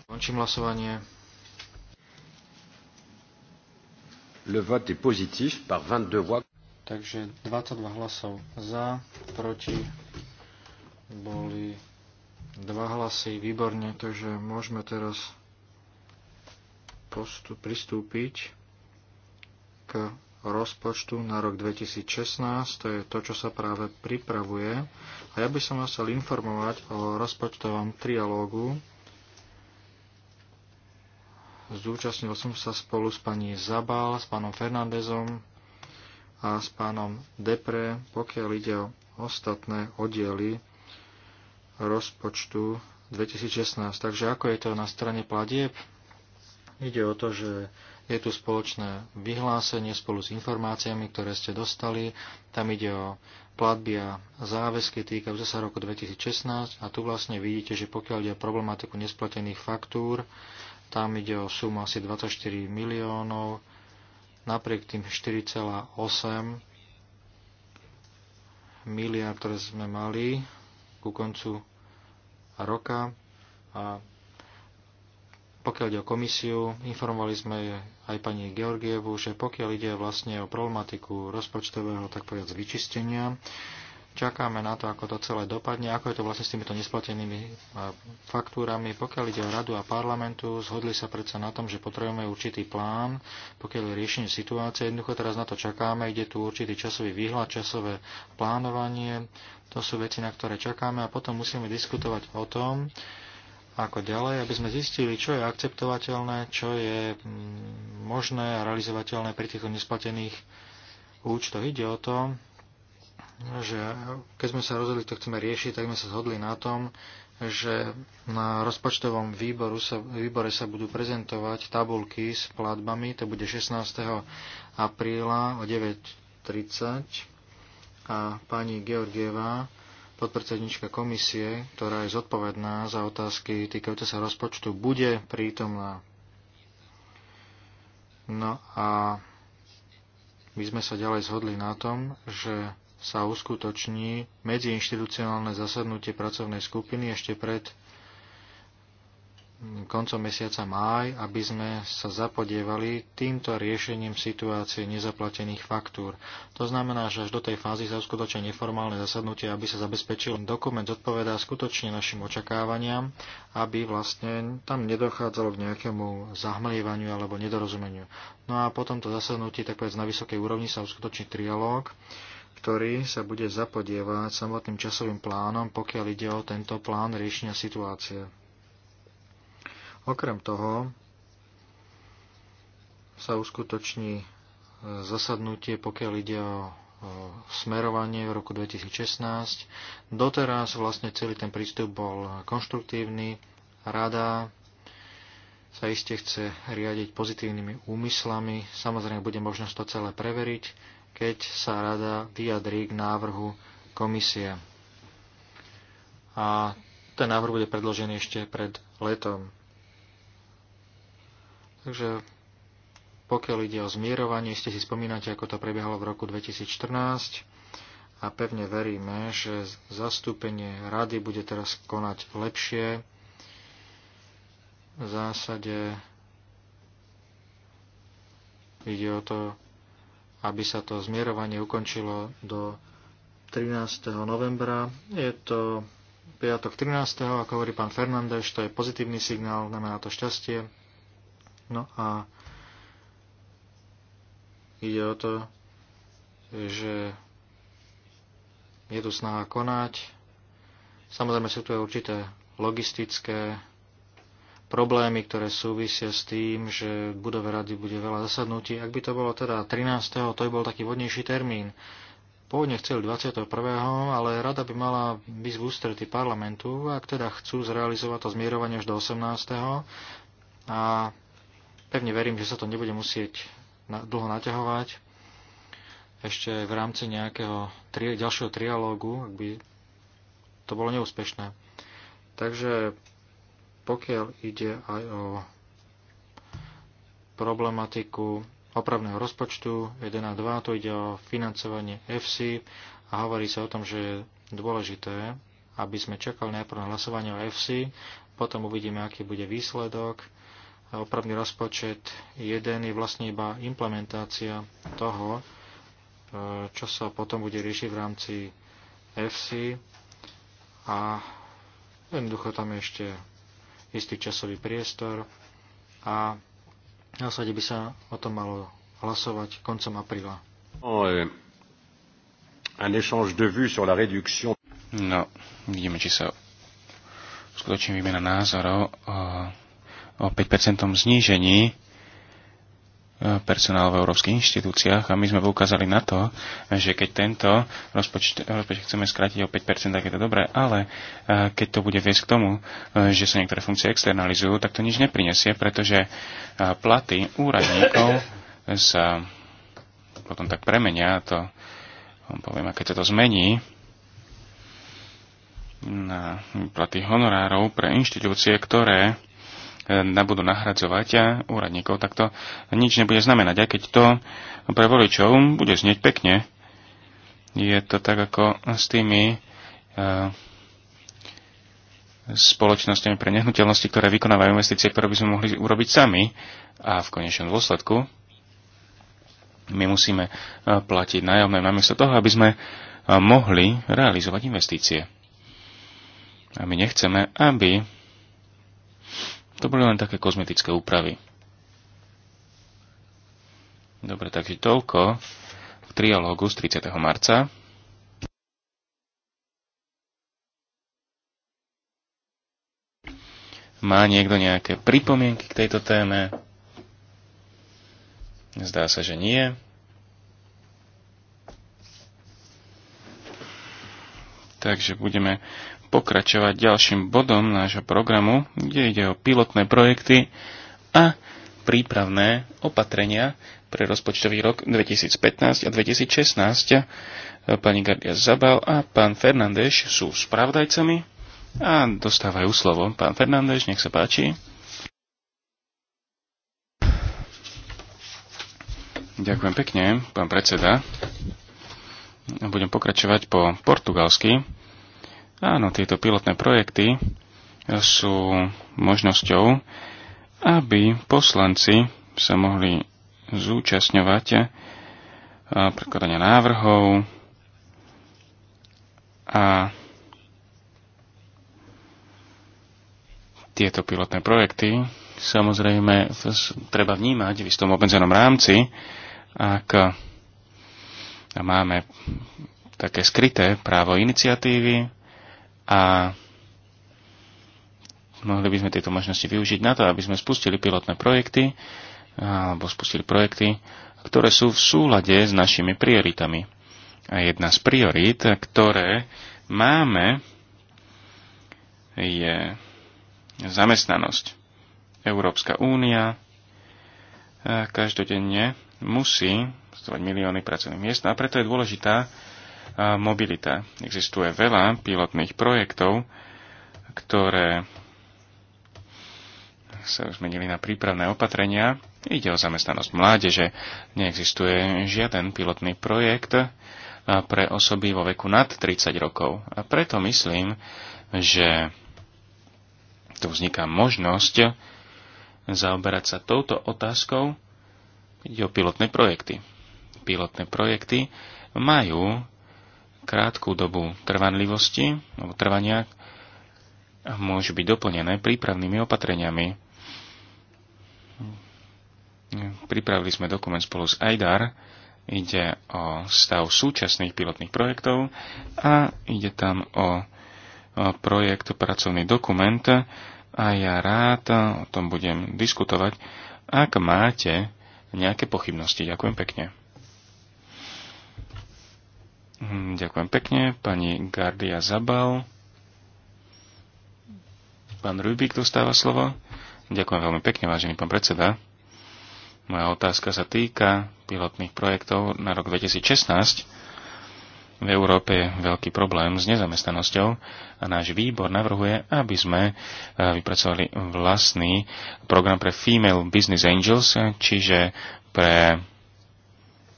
Končím hlasovanie. Le vote est positif par 22 voix. Takže 22 hlasov za, proti boli dva hlasy, výborne, takže môžeme teraz postup, pristúpiť k rozpočtu na rok 2016, to je to, čo sa práve pripravuje. A ja by som vás chcel informovať o rozpočtovom trialógu, Zúčastnil som sa spolu s pani Zabal, s pánom Fernandezom a s pánom Depre, pokiaľ ide o ostatné oddiely rozpočtu 2016. Takže ako je to na strane platieb? Ide o to, že je tu spoločné vyhlásenie spolu s informáciami, ktoré ste dostali. Tam ide o platby a záväzky týkajúce sa roku 2016 a tu vlastne vidíte, že pokiaľ ide o problematiku nesplatených faktúr, tam ide o sumu asi 24 miliónov, napriek tým 4,8 miliard, ktoré sme mali ku koncu roka. A pokiaľ ide o komisiu, informovali sme aj pani Georgievu, že pokiaľ ide vlastne o problematiku rozpočtového, tak povedať, vyčistenia, Čakáme na to, ako to celé dopadne, ako je to vlastne s týmito nesplatenými e, faktúrami. Pokiaľ ide o radu a parlamentu, zhodli sa predsa na tom, že potrebujeme určitý plán, pokiaľ je riešenie situácie. Jednoducho teraz na to čakáme, ide tu určitý časový výhľad, časové plánovanie. To sú veci, na ktoré čakáme a potom musíme diskutovať o tom, ako ďalej, aby sme zistili, čo je akceptovateľné, čo je mm, možné a realizovateľné pri týchto nesplatených účtoch. Ide o to, že keď sme sa rozhodli, to chceme riešiť, tak sme sa zhodli na tom, že na rozpočtovom výboru sa, výbore sa budú prezentovať tabulky s platbami, to bude 16. apríla o 9.30 a pani Georgieva, podpredsednička komisie, ktorá je zodpovedná za otázky týkajúce sa rozpočtu, bude prítomná. No a my sme sa ďalej zhodli na tom, že sa uskutoční medziinštitucionálne zasadnutie pracovnej skupiny ešte pred mm, koncom mesiaca máj, aby sme sa zapodievali týmto riešením situácie nezaplatených faktúr. To znamená, že až do tej fázy sa uskutočia neformálne zasadnutie, aby sa zabezpečil dokument zodpovedá skutočne našim očakávaniam, aby vlastne tam nedochádzalo k nejakému zahmlievaniu alebo nedorozumeniu. No a potom to zasadnutie, tak povedz, na vysokej úrovni sa uskutoční trialóg, ktorý sa bude zapodievať samotným časovým plánom, pokiaľ ide o tento plán riešenia situácie. Okrem toho sa uskutoční e, zasadnutie, pokiaľ ide o smerovanie v roku 2016. Doteraz vlastne celý ten prístup bol konštruktívny. Rada sa iste chce riadiť pozitívnymi úmyslami. Samozrejme, bude možnosť to celé preveriť keď sa rada vyjadrí k návrhu komisie. A ten návrh bude predložený ešte pred letom. Takže pokiaľ ide o zmierovanie, ste si spomínate, ako to prebiehalo v roku 2014 a pevne veríme, že zastúpenie rady bude teraz konať lepšie. V zásade ide o to, aby sa to zmierovanie ukončilo do 13. novembra. Je to piatok 13. ako hovorí pán Fernández, to je pozitívny signál, znamená to šťastie. No a ide o to, že je tu snaha konať. Samozrejme sú tu aj určité logistické problémy, ktoré súvisia s tým, že v budove rady bude veľa zasadnutí. Ak by to bolo teda 13., to by bol taký vodnejší termín. Pôvodne chceli 21., ale rada by mala byť v ústretí parlamentu, ak teda chcú zrealizovať to zmierovanie až do 18. A pevne verím, že sa to nebude musieť dlho naťahovať. Ešte v rámci nejakého tri, ďalšieho trialógu, ak by to bolo neúspešné. Takže pokiaľ ide aj o problematiku opravného rozpočtu 1 a 2, to ide o financovanie FC a hovorí sa o tom, že je dôležité, aby sme čakali najprv na hlasovanie o FC, potom uvidíme, aký bude výsledok. Opravný rozpočet 1 je vlastne iba implementácia toho, e, čo sa potom bude riešiť v rámci FC a jednoducho tam je ešte istý časový priestor a v zásade by sa o tom malo hlasovať koncom apríla. Oh, eh, no, vidíme, či sa skutočne výmena názorov eh, o, o 5% znížení personál v európskych inštitúciách a my sme poukázali na to, že keď tento rozpočet, rozpočet chceme skrátiť o 5%, tak je to dobré, ale e, keď to bude viesť k tomu, e, že sa niektoré funkcie externalizujú, tak to nič neprinesie, pretože e, platy úradníkov sa potom tak premenia, to poviem, a keď sa to zmení, na platy honorárov pre inštitúcie, ktoré nebudú nahradzovať e, úradníkov, tak to nič nebude znamenať. A keď to pre voličov bude znieť pekne, je to tak ako s tými e, spoločnosťami pre nehnuteľnosti, ktoré vykonávajú investície, ktoré by sme mohli urobiť sami. A v konečnom dôsledku my musíme e, platiť nájomné namiesto toho, aby sme mohli realizovať investície. A my nechceme, aby to boli len také kozmetické úpravy. Dobre, takže toľko k trialógu z 30. marca. Má niekto nejaké pripomienky k tejto téme? Zdá sa, že nie. Takže budeme pokračovať ďalším bodom nášho programu, kde ide o pilotné projekty a prípravné opatrenia pre rozpočtový rok 2015 a 2016. Pani Gardia Zabal a pán Fernández sú spravdajcami a dostávajú slovo. Pán Fernández, nech sa páči. Ďakujem pekne, pán predseda. Budem pokračovať po portugalsky Áno, tieto pilotné projekty sú možnosťou, aby poslanci sa mohli zúčastňovať eh, prekladania návrhov a tieto pilotné projekty samozrejme treba vnímať v istom obmedzenom rámci, ak máme také skryté právo iniciatívy, a mohli by sme tieto možnosti využiť na to, aby sme spustili pilotné projekty alebo spustili projekty, ktoré sú v súlade s našimi prioritami. A jedna z priorít, ktoré máme, je zamestnanosť. Európska únia e, každodenne musí stvoriť milióny pracovných miest no a preto je dôležitá mobilita. Existuje veľa pilotných projektov, ktoré sa už zmenili na prípravné opatrenia. Ide o zamestnanosť mládeže. Neexistuje žiaden pilotný projekt pre osoby vo veku nad 30 rokov. A preto myslím, že tu vzniká možnosť zaoberať sa touto otázkou. Ide o pilotné projekty. Pilotné projekty majú krátku dobu trvanlivosti alebo trvania a môžu byť doplnené prípravnými opatreniami. Pripravili sme dokument spolu s AIDAR, ide o stav súčasných pilotných projektov a ide tam o projekt pracovný dokument a ja rád o tom budem diskutovať, ak máte nejaké pochybnosti. Ďakujem pekne. Mhm, ďakujem pekne. Pani Gardia Zabal. Pán Rubik dostáva slovo. Ďakujem veľmi pekne, vážený pán predseda. Moja otázka sa týka pilotných projektov na rok 2016. V Európe je veľký problém s nezamestnanosťou a náš výbor navrhuje, aby sme e, vypracovali vlastný program pre Female Business Angels, čiže pre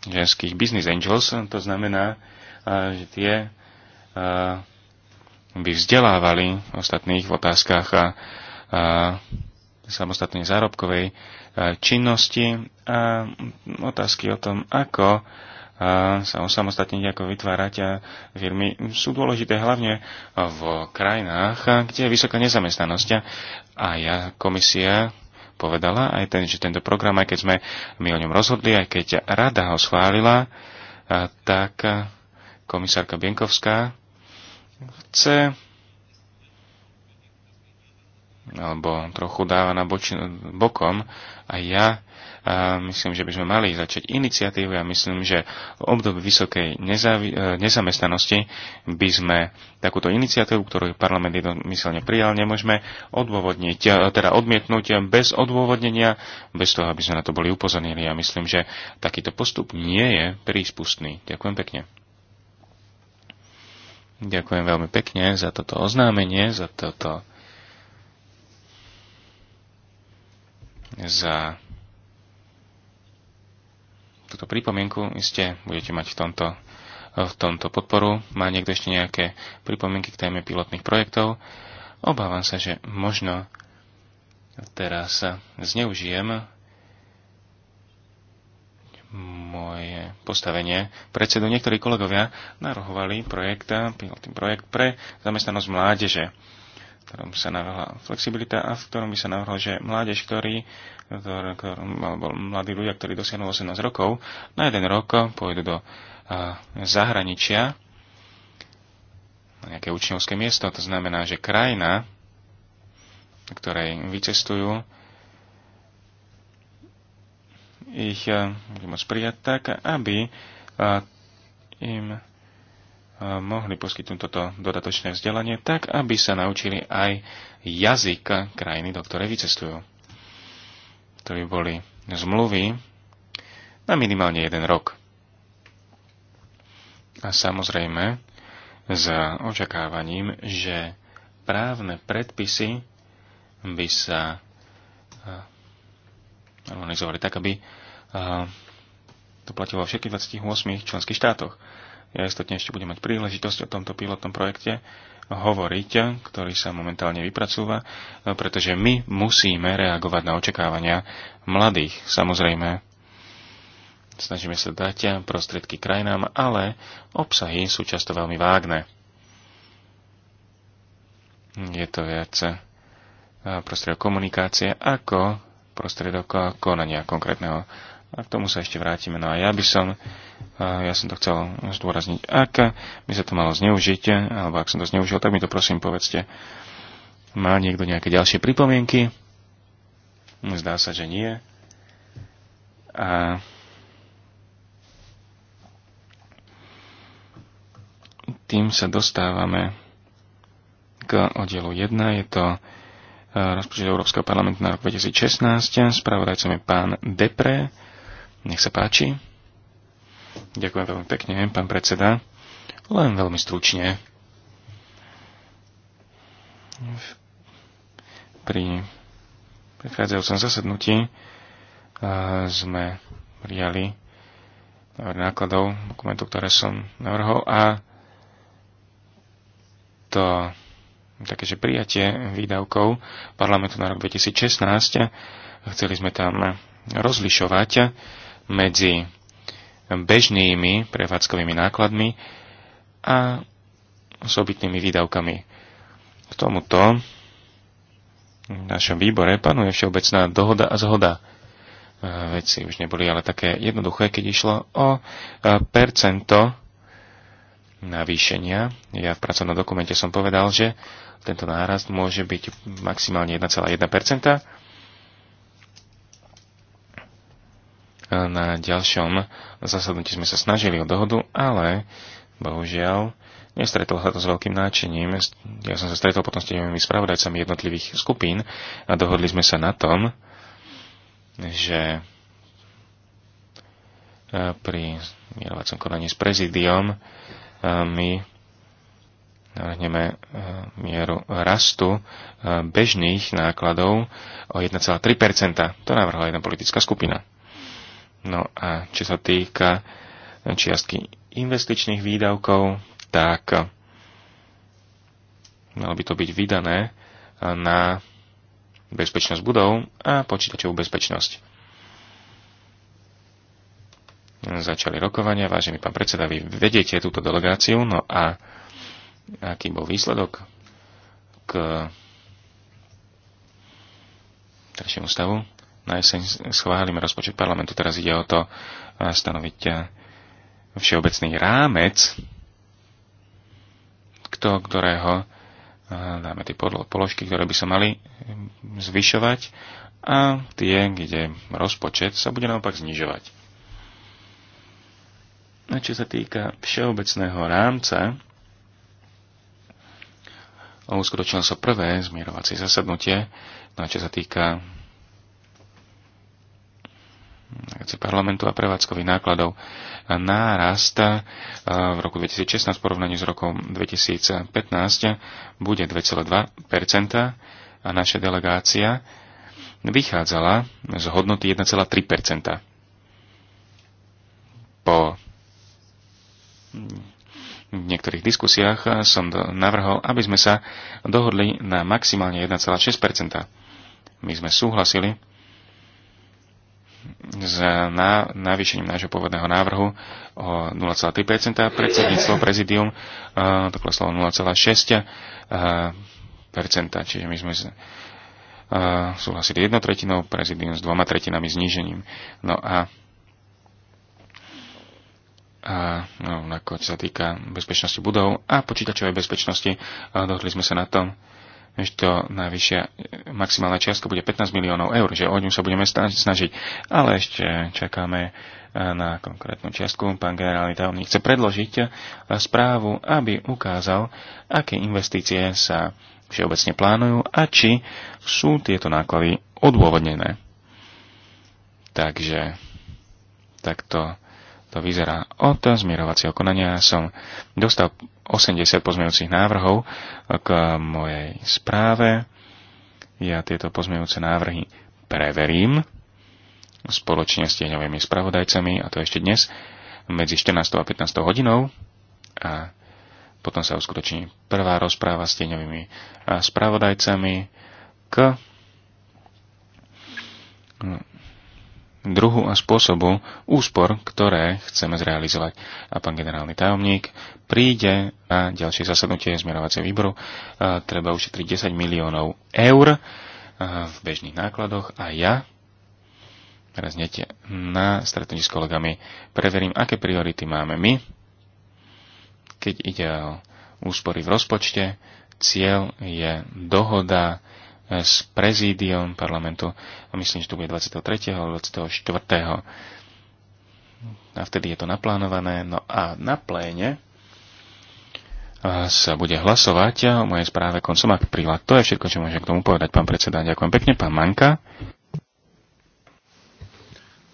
ženských business angels, to znamená že tie by vzdelávali ostatných v otázkach samostatnej zárobkovej činnosti a otázky o tom, ako sa osamostatniť, ako vytvárať firmy, sú dôležité hlavne v krajinách, kde je vysoká nezamestnanosť. A ja komisia povedala aj ten, že tento program, aj keď sme my o ňom rozhodli, aj keď rada ho schválila, tak komisárka Bienkovská chce alebo trochu dáva na boč- bokom a ja a myslím, že by sme mali začať iniciatívu a ja myslím, že v období vysokej nezavi- e, nezamestnanosti by sme takúto iniciatívu, ktorú parlament jednomyselne prijal, nemôžeme odôvodniť, e, teda odmietnúť bez odôvodnenia, bez toho, aby sme na to boli upozornili. Ja myslím, že takýto postup nie je príspustný. Ďakujem pekne. Ďakujem veľmi pekne za toto oznámenie, za toto za túto pripomienku. Iste budete mať v tomto, v tomto podporu. Má niekto ešte nejaké pripomienky k téme pilotných projektov? Obávam sa, že možno teraz zneužijem moje postavenie predsedu. Niektorí kolegovia narohovali projekt, pilotný projekt pre zamestnanosť mládeže, v ktorom sa navrhla flexibilita a v ktorom by sa navrhlo, že mládež, ktorí, alebo mladí ľudia, ktorí dosiahnu 18 rokov, na jeden rok pôjdu do zahraničia na nejaké učňovské miesto. To znamená, že krajina, ktorej vycestujú, ich eh, môcť prijať tak, aby eh, im eh, mohli poskytnúť toto dodatočné vzdelanie, tak aby sa naučili aj jazyk krajiny, do ktorej vycestujú. To by boli zmluvy na minimálne jeden rok. A samozrejme s očakávaním, že právne predpisy by sa organizovali tak, aby to platilo vo všetkých 28 členských štátoch. Ja istotne ešte budem mať príležitosť o tomto pilotnom projekte hovoriť, ktorý sa momentálne vypracúva, pretože my musíme reagovať na očakávania mladých. Samozrejme, snažíme sa dať prostriedky krajinám, ale obsahy sú často veľmi vágne. Je to viac eh, prostriedok komunikácie ako prostriedok eh, konania konkrétneho a k tomu sa ešte vrátime. No a ja by som, ja som to chcel zdôrazniť, ak by sa to malo zneužiť, alebo ak som to zneužil, tak mi to prosím povedzte. Má niekto nejaké ďalšie pripomienky? Zdá sa, že nie. A tým sa dostávame k oddielu 1. Je to e, rozpočet Európskeho parlamentu na rok 2016. Spravodajcom je pán Depre. Nech sa páči. Ďakujem veľmi pekne, pán predseda. Len veľmi stručne. Pri predchádzajúcom zasadnutí e, sme prijali nákladov dokumentov, ktoré som navrhol a to takéže prijatie výdavkov parlamentu na rok 2016. Chceli sme tam rozlišovať medzi bežnými prevádzkovými nákladmi a osobitnými výdavkami. K tomuto v našom výbore panuje všeobecná dohoda a zhoda. E, veci už neboli ale také jednoduché, keď išlo o e, percento navýšenia. Ja v pracovnom dokumente som povedal, že tento nárast môže byť maximálne 1,1%. Na ďalšom zasadnutí sme sa snažili o dohodu, ale bohužiaľ nestretol sa to s veľkým náčením. Ja som sa stretol potom s tými spravodajcami jednotlivých skupín a dohodli sme sa na tom, že e, pri mierovacom konaní s prezidiom e, my navrhneme e, mieru rastu bežných nákladov o 1,3 To navrhla jedna politická skupina. No a čo sa týka čiastky investičných výdavkov, tak malo by to byť vydané na bezpečnosť budov a počítačovú bezpečnosť. Začali rokovania, vážený pán predseda, vy vedete túto delegáciu, no a aký bol výsledok k trešiemu stavu? na jeseň schválime rozpočet parlamentu. Teraz ide o to eh, stanoviť eh, všeobecný rámec, kto, ktorého eh, dáme tie položky, ktoré by sa mali zvyšovať a tie, kde rozpočet sa bude naopak znižovať. A čo sa týka všeobecného rámca, uskutočnilo sa prvé zmierovacie zasadnutie, no a čo sa týka parlamentu a prevádzkových nákladov. E, nárast e, v roku 2016 v porovnaní s rokom 2015 bude 2,2 a naša delegácia vychádzala z hodnoty 1,3 Po v niektorých diskusiách e, som navrhol, aby sme sa dohodli na maximálne 1,6 My sme súhlasili s navýšením nášho pôvodného návrhu o 0,3 predsedníctvo prezidium e, to kleslo 0,6 e, čiže my sme e, súhlasili jednou tretinou, prezidium s dvoma tretinami znížením. No a a no, ako sa týka bezpečnosti budov a počítačovej bezpečnosti, dohodli sme sa na tom, že to najvyššia eh, maximálna čiastka bude 15 miliónov eur, že o ňu sa budeme snažiť. Ale ešte čakáme eh, na konkrétnu čiastku. Pán generálny tajomník chce predložiť eh, správu, aby ukázal, aké investície sa všeobecne plánujú a či sú tieto náklady odôvodnené. Takže takto to vyzerá od zmierovacieho konania. Som dostal 80 pozmeňujúcich návrhov k mojej správe. Ja tieto pozmeňujúce návrhy preverím spoločne s tieňovými spravodajcami, a to ešte dnes, medzi 14. a 15. hodinou. A potom sa uskutoční prvá rozpráva s tieňovými spravodajcami k druhu a spôsobu úspor, ktoré chceme zrealizovať. A pán generálny tajomník príde na ďalšie zasadnutie zmerovacie výboru. Treba ušetriť 10 miliónov eur v bežných nákladoch a ja teraz nete na stretnutí s kolegami preverím, aké priority máme my, keď ide o úspory v rozpočte. Cieľ je dohoda s prezídiom parlamentu. A myslím, že to bude 23. alebo 24. A vtedy je to naplánované. No a na pléne sa bude hlasovať o mojej správe koncom apríla. To je všetko, čo môžem k tomu povedať, pán predseda. Ďakujem pekne, pán Manka.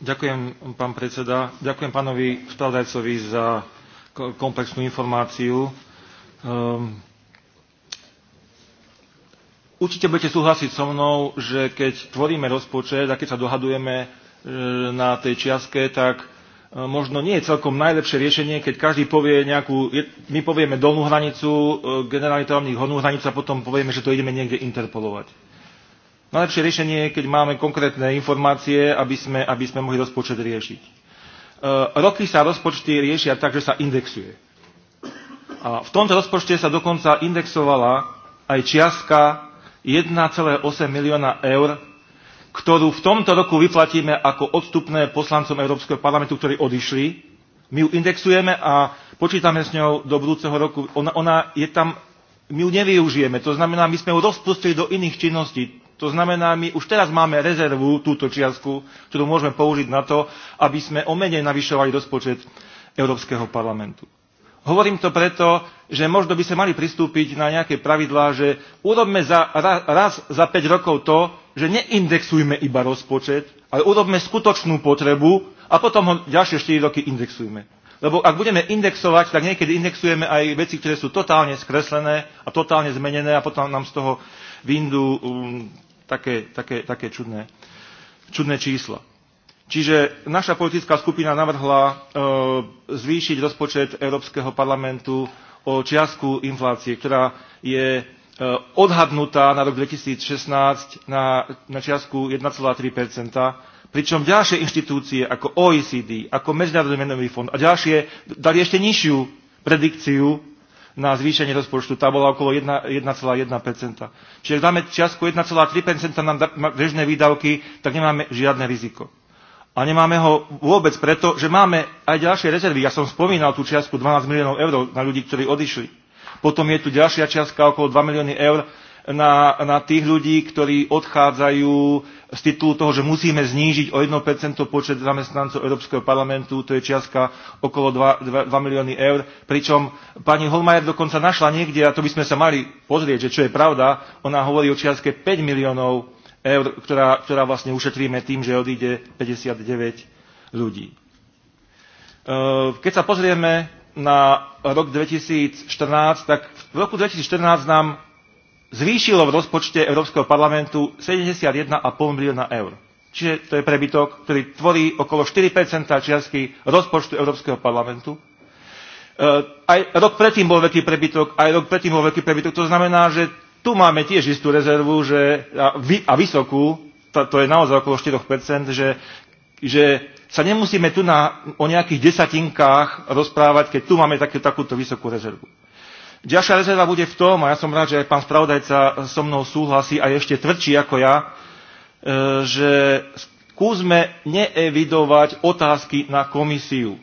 Ďakujem, pán predseda. Ďakujem pánovi spravodajcovi za komplexnú informáciu. Um, Určite budete súhlasiť so mnou, že keď tvoríme rozpočet a keď sa dohadujeme e, na tej čiastke, tak e, možno nie je celkom najlepšie riešenie, keď každý povie nejakú, my povieme dolnú hranicu, e, generálny tajomník hornú hranicu a potom povieme, že to ideme niekde interpolovať. Najlepšie riešenie je, keď máme konkrétne informácie, aby sme, aby sme mohli rozpočet riešiť. Roky sa rozpočty riešia tak, že sa indexuje. A v tomto rozpočte sa dokonca indexovala aj čiastka 1,8 milióna eur, ktorú v tomto roku vyplatíme ako odstupné poslancom Európskeho parlamentu, ktorí odišli. My ju indexujeme a počítame s ňou do budúceho roku. Ona, ona je tam, my ju nevyužijeme. To znamená, my sme ju rozpustili do iných činností. To znamená, my už teraz máme rezervu, túto čiastku, ktorú môžeme použiť na to, aby sme o menej navyšovali rozpočet Európskeho parlamentu. Hovorím to preto, že možno by sme mali pristúpiť na nejaké pravidlá, že urobme za, raz za 5 rokov to, že neindexujme iba rozpočet, ale urobme skutočnú potrebu a potom ho ďalšie 4 roky indexujme. Lebo ak budeme indexovať, tak niekedy indexujeme aj veci, ktoré sú totálne skreslené a totálne zmenené a potom nám z toho vyndú um, také, také, také čudné, čudné čísla. Čiže naša politická skupina navrhla e, zvýšiť rozpočet Európskeho parlamentu o čiastku inflácie, ktorá je e, odhadnutá na rok 2016 na, na čiastku 1,3 pričom ďalšie inštitúcie ako OECD, ako Medzinárodný menový fond a ďalšie dali ešte nižšiu predikciu na zvýšenie rozpočtu. Tá bola okolo 1,1%. Čiže ak dáme čiastku 1,3% na bežné výdavky, tak nemáme žiadne riziko a nemáme ho vôbec preto, že máme aj ďalšie rezervy. Ja som spomínal tú čiastku 12 miliónov eur na ľudí, ktorí odišli. Potom je tu ďalšia čiastka okolo 2 milióny eur na, na tých ľudí, ktorí odchádzajú z titulu toho, že musíme znížiť o 1% počet zamestnancov Európskeho parlamentu, to je čiastka okolo 2, 2, 2 milióny eur, pričom pani Holmajer dokonca našla niekde, a to by sme sa mali pozrieť, že čo je pravda, ona hovorí o čiastke 5 miliónov eur, ktorá, ktorá vlastne ušetríme tým, že odíde 59 ľudí. E, keď sa pozrieme na rok 2014, tak v roku 2014 nám zvýšilo v rozpočte Európskeho parlamentu 71,5 milióna eur. Čiže to je prebytok, ktorý tvorí okolo 4 čiastky rozpočtu Európskeho parlamentu. E, aj rok predtým bol veľký prebytok, aj rok predtým bol veľký prebytok. To znamená, že tu máme tiež istú rezervu že, a, vy, a vysokú, to, to je naozaj okolo 4%, že, že sa nemusíme tu na, o nejakých desatinkách rozprávať, keď tu máme také, takúto vysokú rezervu. Ďalšia rezerva bude v tom, a ja som rád, že aj pán spravodajca so mnou súhlasí a ešte tvrdší ako ja, e, že skúsme neevidovať otázky na komisiu.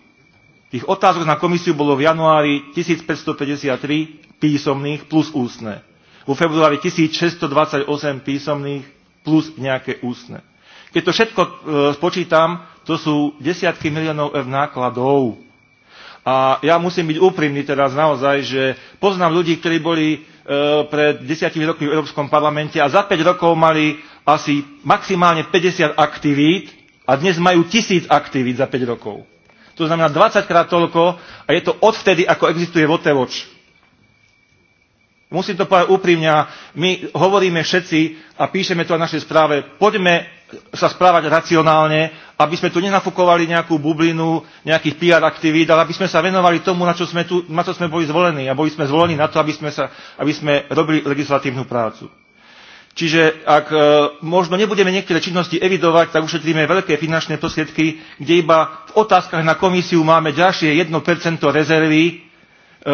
Tých otázok na komisiu bolo v januári 1553 písomných plus ústne vo februári 1628 písomných plus nejaké ústne. Keď to všetko e, spočítam, to sú desiatky miliónov eur nákladov. A ja musím byť úprimný teraz naozaj, že poznám ľudí, ktorí boli e, pred desiatimi rokmi v Európskom parlamente a za 5 rokov mali asi maximálne 50 aktivít a dnes majú tisíc aktivít za 5 rokov. To znamená 20 krát toľko a je to odvtedy, ako existuje Votevoč. Musím to povedať úprimne, my hovoríme všetci a píšeme to aj v našej správe, poďme sa správať racionálne, aby sme tu nenafúkovali nejakú bublinu, nejakých PR aktivít, ale aby sme sa venovali tomu, na čo sme, tu, na čo sme boli zvolení. A boli sme zvolení na to, aby sme, sa, aby sme robili legislatívnu prácu. Čiže ak e, možno nebudeme niektoré činnosti evidovať, tak ušetríme veľké finančné prostriedky, kde iba v otázkach na komisiu máme ďalšie 1% rezervy E,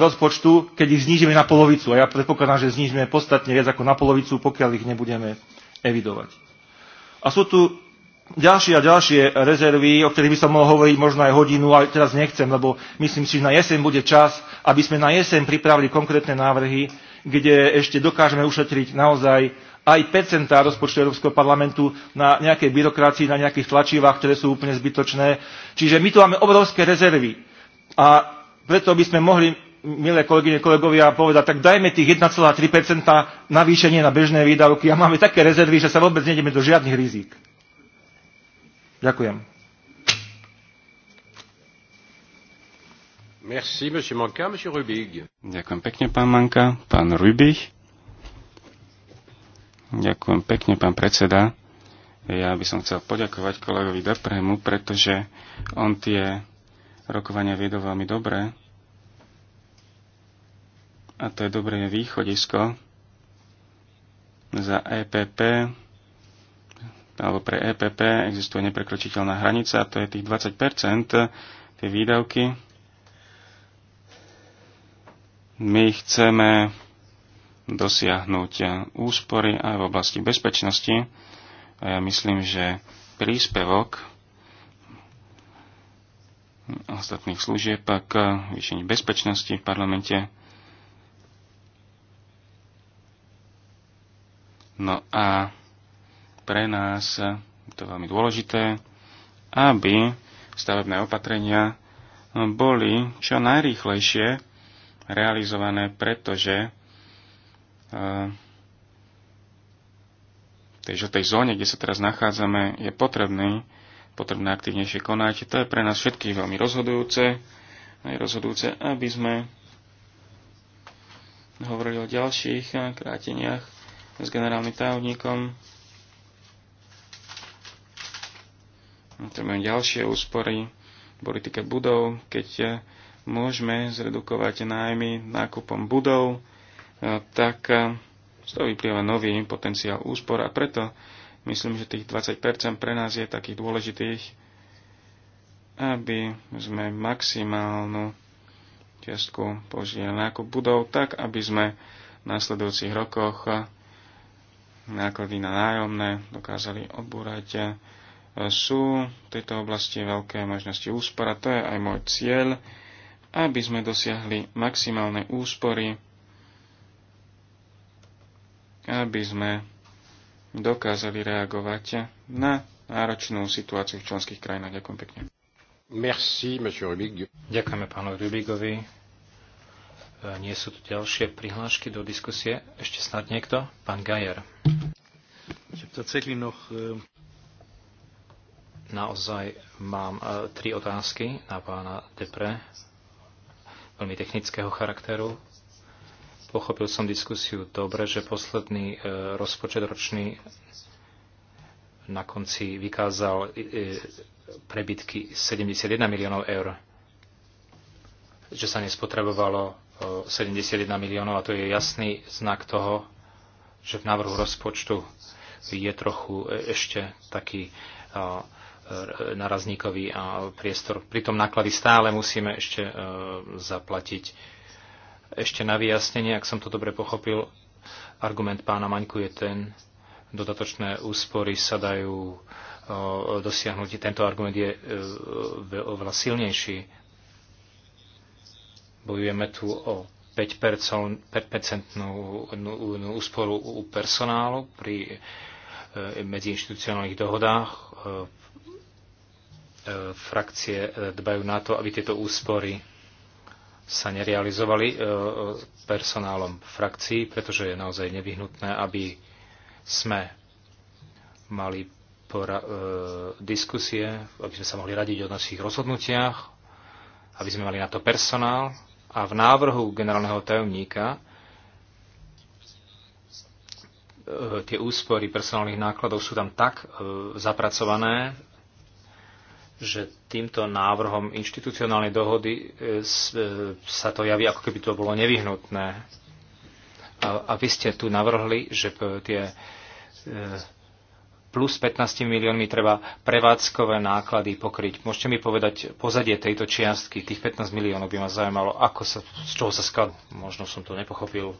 rozpočtu, keď ich znížime na polovicu. A ja predpokladám, že znížime podstatne viac ako na polovicu, pokiaľ ich nebudeme evidovať. A sú tu ďalšie a ďalšie rezervy, o ktorých by som mohol hovoriť možno aj hodinu, ale teraz nechcem, lebo myslím si, že na jeseň bude čas, aby sme na jeseň pripravili konkrétne návrhy, kde ešte dokážeme ušetriť naozaj aj percentá rozpočtu Európskeho parlamentu na nejakej byrokracii, na nejakých tlačivách, ktoré sú úplne zbytočné. Čiže my tu máme obrovské rezervy. A preto by sme mohli, milé kolegyne, kolegovia, povedať, tak dajme tých 1,3 navýšenie na bežné výdavky a máme také rezervy, že sa vôbec nejdeme do žiadnych rizík. Ďakujem. Merci, monsieur Manka, monsieur Rubig. Ďakujem pekne, pán Manka, pán Rubig. Ďakujem pekne, pán predseda. Ja by som chcel poďakovať kolegovi Deprému, pretože on tie rokovania viedol veľmi dobre a to je dobré východisko za EPP, alebo pre EPP existuje neprekročiteľná hranica, a to je tých 20 tie výdavky. My chceme dosiahnuť úspory aj v oblasti bezpečnosti. A ja myslím, že príspevok ostatných služieb k vyšení bezpečnosti v parlamente No a pre nás je to veľmi dôležité, aby stavebné opatrenia boli čo najrýchlejšie realizované, pretože v eh, tej žltej zóne, kde sa teraz nachádzame, je potrebný, potrebné aktívnejšie konať. To je pre nás všetkých veľmi rozhodujúce, aj rozhodujúce, aby sme hovorili o ďalších eh, kráteniach s generálnym tajomníkom. Potrebujeme ďalšie úspory v politike budov, keď môžeme zredukovať nájmy nákupom budov, tak z toho vyplýva nový potenciál úspor a preto myslím, že tých 20% pre nás je takých dôležitých, aby sme maximálnu čiastku použili na nákup budov, tak aby sme v následujúcich rokoch náklady na nájomné dokázali obúrať. E, sú v tejto oblasti veľké možnosti úspora, to je aj môj cieľ, aby sme dosiahli maximálne úspory, aby sme dokázali reagovať na náročnú situáciu v členských krajinách. Ďakujem pekne. Merci, Ďakujeme pánu Rubigovi. E, nie sú tu ďalšie prihlášky do diskusie. Ešte snad niekto? Pán Gajer. Äh, Naozaj mám e, tri otázky na pána Depre, veľmi technického charakteru. Pochopil som diskusiu dobre, že posledný e, rozpočet ročný na konci vykázal prebytky 71 miliónov eur, že sa nespotrebovalo 71 miliónov a to je jasný znak toho, že v návrhu rozpočtu je trochu e, ešte taký e, e, narazníkový priestor. Pritom náklady stále musíme ešte zaplatiť. Ešte na vyjasnenie, ak som to dobre pochopil, argument pána Maňku je ten, dodatočné úspory sa dajú dosiahnuť. Tento argument je oveľa silnejší Bojujeme tu o 5-percentnú úsporu u personálu pri e, medziinstitucionálnych dohodách. E, e, frakcie dbajú na to, aby tieto úspory sa nerealizovali personálom frakcií, pretože je naozaj nevyhnutné, aby sme mali pora- diskusie, aby sme sa mohli radiť o našich rozhodnutiach, aby sme mali na to personál, a v návrhu generálneho tajomníka e, tie úspory personálnych nákladov sú tam tak e, zapracované, že týmto návrhom inštitucionálnej dohody e, sa to javí, ako keby to bolo nevyhnutné. A, vy ste tu navrhli, že tie plus 15 miliónmi treba prevádzkové náklady pokryť. Môžete mi povedať pozadie tejto čiastky, tých 15 miliónov by ma zaujímalo, ako sa, z čoho sa skladá. Možno som to nepochopil,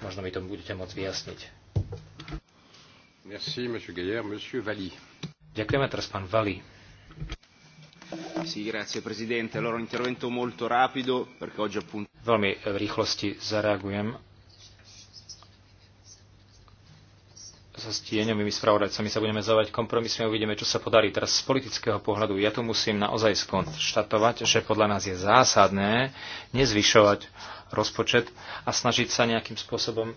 možno mi to budete môcť vyjasniť. Merci, monsieur Gaillard. Monsieur Valli. Ďakujeme teraz, pán Valli. Sì, grazie Presidente. Allora un intervento molto rapido perché oggi appunto... Veľmi v rýchlosti zareagujem sa s tieňovými spravodajcami sa budeme zavať kompromismi a uvidíme, čo sa podarí. Teraz z politického pohľadu ja tu musím naozaj skonštatovať, že podľa nás je zásadné nezvyšovať rozpočet a snažiť sa nejakým spôsobom e,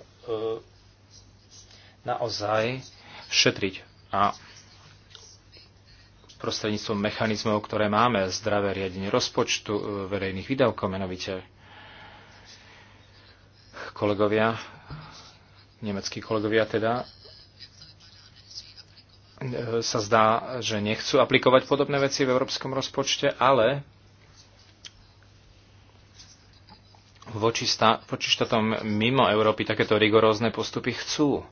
naozaj šetriť. A prostredníctvom mechanizmov, ktoré máme, zdravé riadenie rozpočtu, e, verejných výdavkov menovite. Kolegovia, nemeckí kolegovia teda, E, sa zdá, že nechcú aplikovať podobné veci v európskom rozpočte, ale voči, voči štátom mimo Európy takéto rigorózne postupy chcú.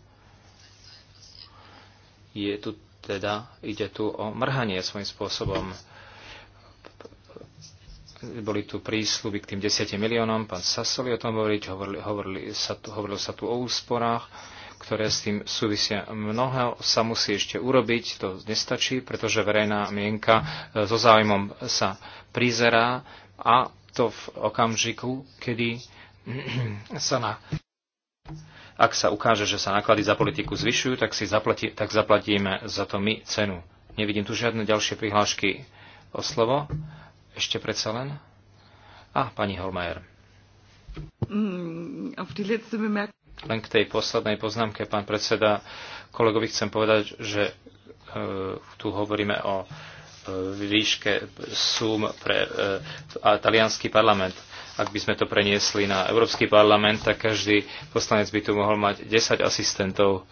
Je tu teda, ide tu o mrhanie svojím spôsobom. Boli tu prísluby k tým 10 miliónom, pán Sasoli o tom hovoriť, hovorili, hovorili sa tu, hovorilo sa tu o úsporách ktoré s tým súvisia. Mnoho sa musí ešte urobiť, to nestačí, pretože verejná mienka e, so záujmom sa prizerá a to v okamžiku, kedy sa na ak sa ukáže, že sa náklady za politiku zvyšujú, tak, si zaplati, tak zaplatíme za to my cenu. Nevidím tu žiadne ďalšie prihlášky o slovo. Ešte predsa len. A pani Holmajer. Mm, len k tej poslednej poznámke, pán predseda, kolegovi chcem povedať, že e, tu hovoríme o e, výške súm pre e, talianský parlament. Ak by sme to preniesli na Európsky parlament, tak každý poslanec by tu mohol mať 10 asistentov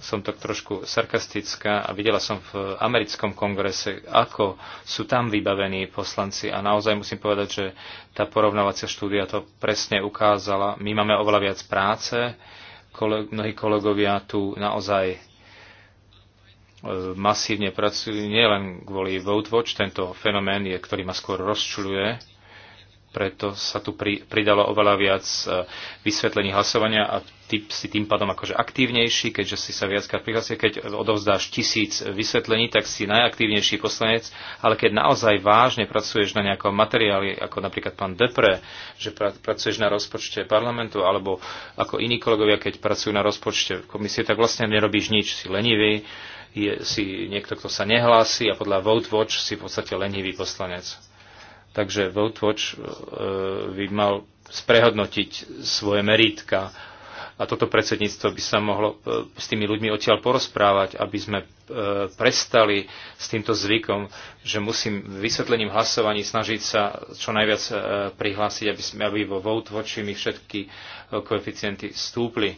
som tak trošku sarkastická a videla som v americkom kongrese, ako sú tam vybavení poslanci a naozaj musím povedať, že tá porovnávacia štúdia to presne ukázala. My máme oveľa viac práce, Koleg- mnohí kolegovia tu naozaj e, masívne pracujú, nielen kvôli Watch, tento fenomén, je, ktorý ma skôr rozčuluje, preto sa tu pri, pridalo oveľa viac e, vysvetlení hlasovania a ty si tým pádom akože aktívnejší, keďže si sa viackrát prihlasil. Keď odovzdáš tisíc vysvetlení, tak si najaktívnejší poslanec, ale keď naozaj vážne pracuješ na nejakom materiáli, ako napríklad pán Depre, že pra, pracuješ na rozpočte parlamentu, alebo ako iní kolegovia, keď pracujú na rozpočte komisie, tak vlastne nerobíš nič, si lenivý, je, si niekto, kto sa nehlási a podľa Vote Watch si v podstate lenivý poslanec Takže Watch e, by mal sprehodnotiť svoje meritka a toto predsedníctvo by sa mohlo e, s tými ľuďmi odtiaľ porozprávať, aby sme e, prestali s týmto zvykom, že musím vysvetlením hlasovaní snažiť sa čo najviac prihlásiť, aby, sme, aby vo vote voči mi všetky koeficienty stúpli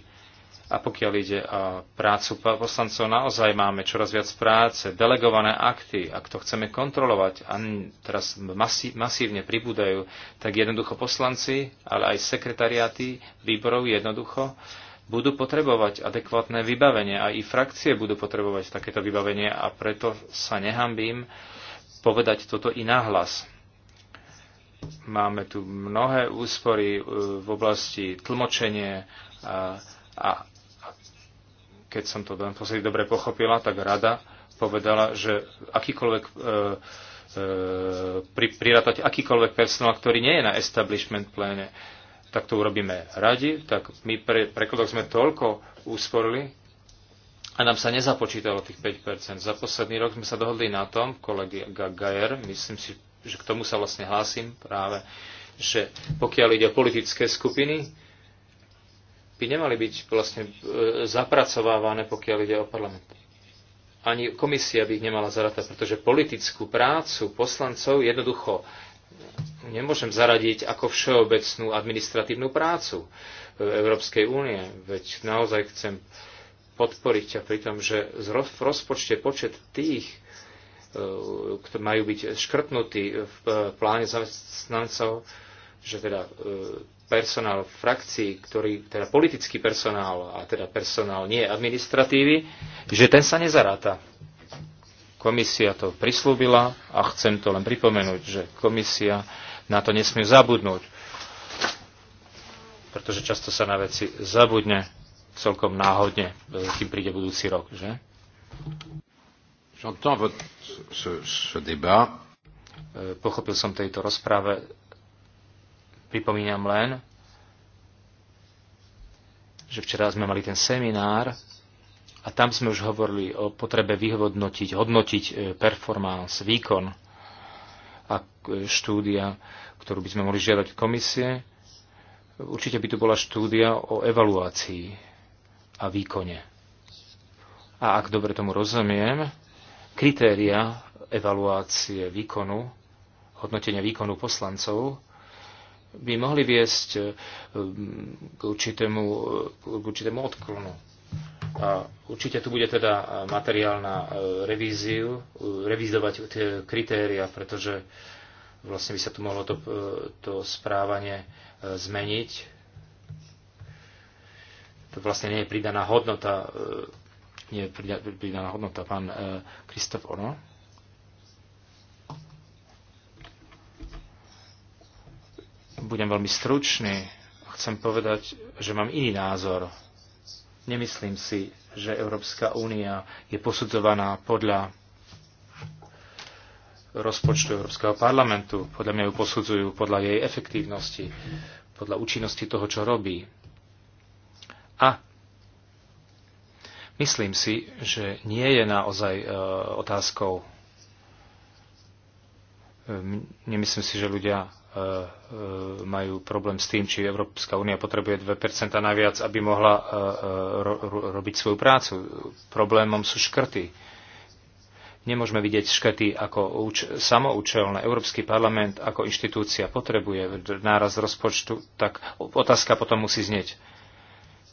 a pokiaľ ide o prácu poslancov, naozaj máme čoraz viac práce, delegované akty, ak to chceme kontrolovať, a teraz masí, masívne pribúdajú, tak jednoducho poslanci, ale aj sekretariáty výborov jednoducho budú potrebovať adekvátne vybavenie a i frakcie budú potrebovať takéto vybavenie a preto sa nehambím povedať toto i nahlas. Máme tu mnohé úspory e, v oblasti tlmočenie a, a keď som to len posledný dobre pochopila, tak rada povedala, že akýkoľvek e, e, pri, akýkoľvek personál, ktorý nie je na establishment pléne, tak to urobíme radi, tak my pre prekladok sme toľko úsporili a nám sa nezapočítalo tých 5%. Za posledný rok sme sa dohodli na tom, kolega Gajer, myslím si, že k tomu sa vlastne hlásim práve, že pokiaľ ide o politické skupiny, by nemali byť vlastne e, zapracovávané, pokiaľ ide o parlament. Ani komisia by ich nemala zaradať, pretože politickú prácu poslancov jednoducho nemôžem zaradiť ako všeobecnú administratívnu prácu e, Európskej únie. Veď naozaj chcem podporiť a pritom, že v rozpočte počet tých, e, ktorí majú byť škrtnutí v pláne zamestnancov, že teda personál frakcií, ktorý, teda politický personál, a teda personál nie administratívy, že ten sa nezaráta. Komisia to prislúbila a chcem to len pripomenúť, že komisia na to nesmie zabudnúť, pretože často sa na veci zabudne celkom náhodne, kým príde budúci rok, že? J'entends ce, ce débat. E, pochopil som tejto rozprave Pripomínam len, že včera sme mali ten seminár a tam sme už hovorili o potrebe vyhodnotiť, hodnotiť e, performance, výkon a e, štúdia, ktorú by sme mohli žiadať komisie. Určite by tu bola štúdia o evaluácii a výkone. A ak dobre tomu rozumiem, kritéria evaluácie výkonu, hodnotenia výkonu poslancov by mohli viesť eh, k určitému, eh, k určitému odklonu. A určite tu bude teda eh, materiál na revíziu, revizovať tie kritéria, pretože vlastne by sa tu mohlo to, to správanie zmeniť. To vlastne nie je pridaná hodnota, nie je pridaná hodnota, pán Kristof Ono. Budem veľmi stručný. Chcem povedať, že mám iný názor. Nemyslím si, že Európska únia je posudzovaná podľa rozpočtu Európskeho parlamentu. Podľa mňa ju posudzujú podľa jej efektívnosti, podľa účinnosti toho, čo robí. A myslím si, že nie je naozaj e, otázkou. E, nemyslím si, že ľudia E, e, majú problém s tým, či Európska únia potrebuje 2% naviac, aby mohla e, ro- ro- robiť svoju prácu. Problémom sú škrty. Nemôžeme vidieť škrty ako samoučelné. Európsky parlament ako inštitúcia potrebuje náraz rozpočtu, tak otázka potom musí znieť.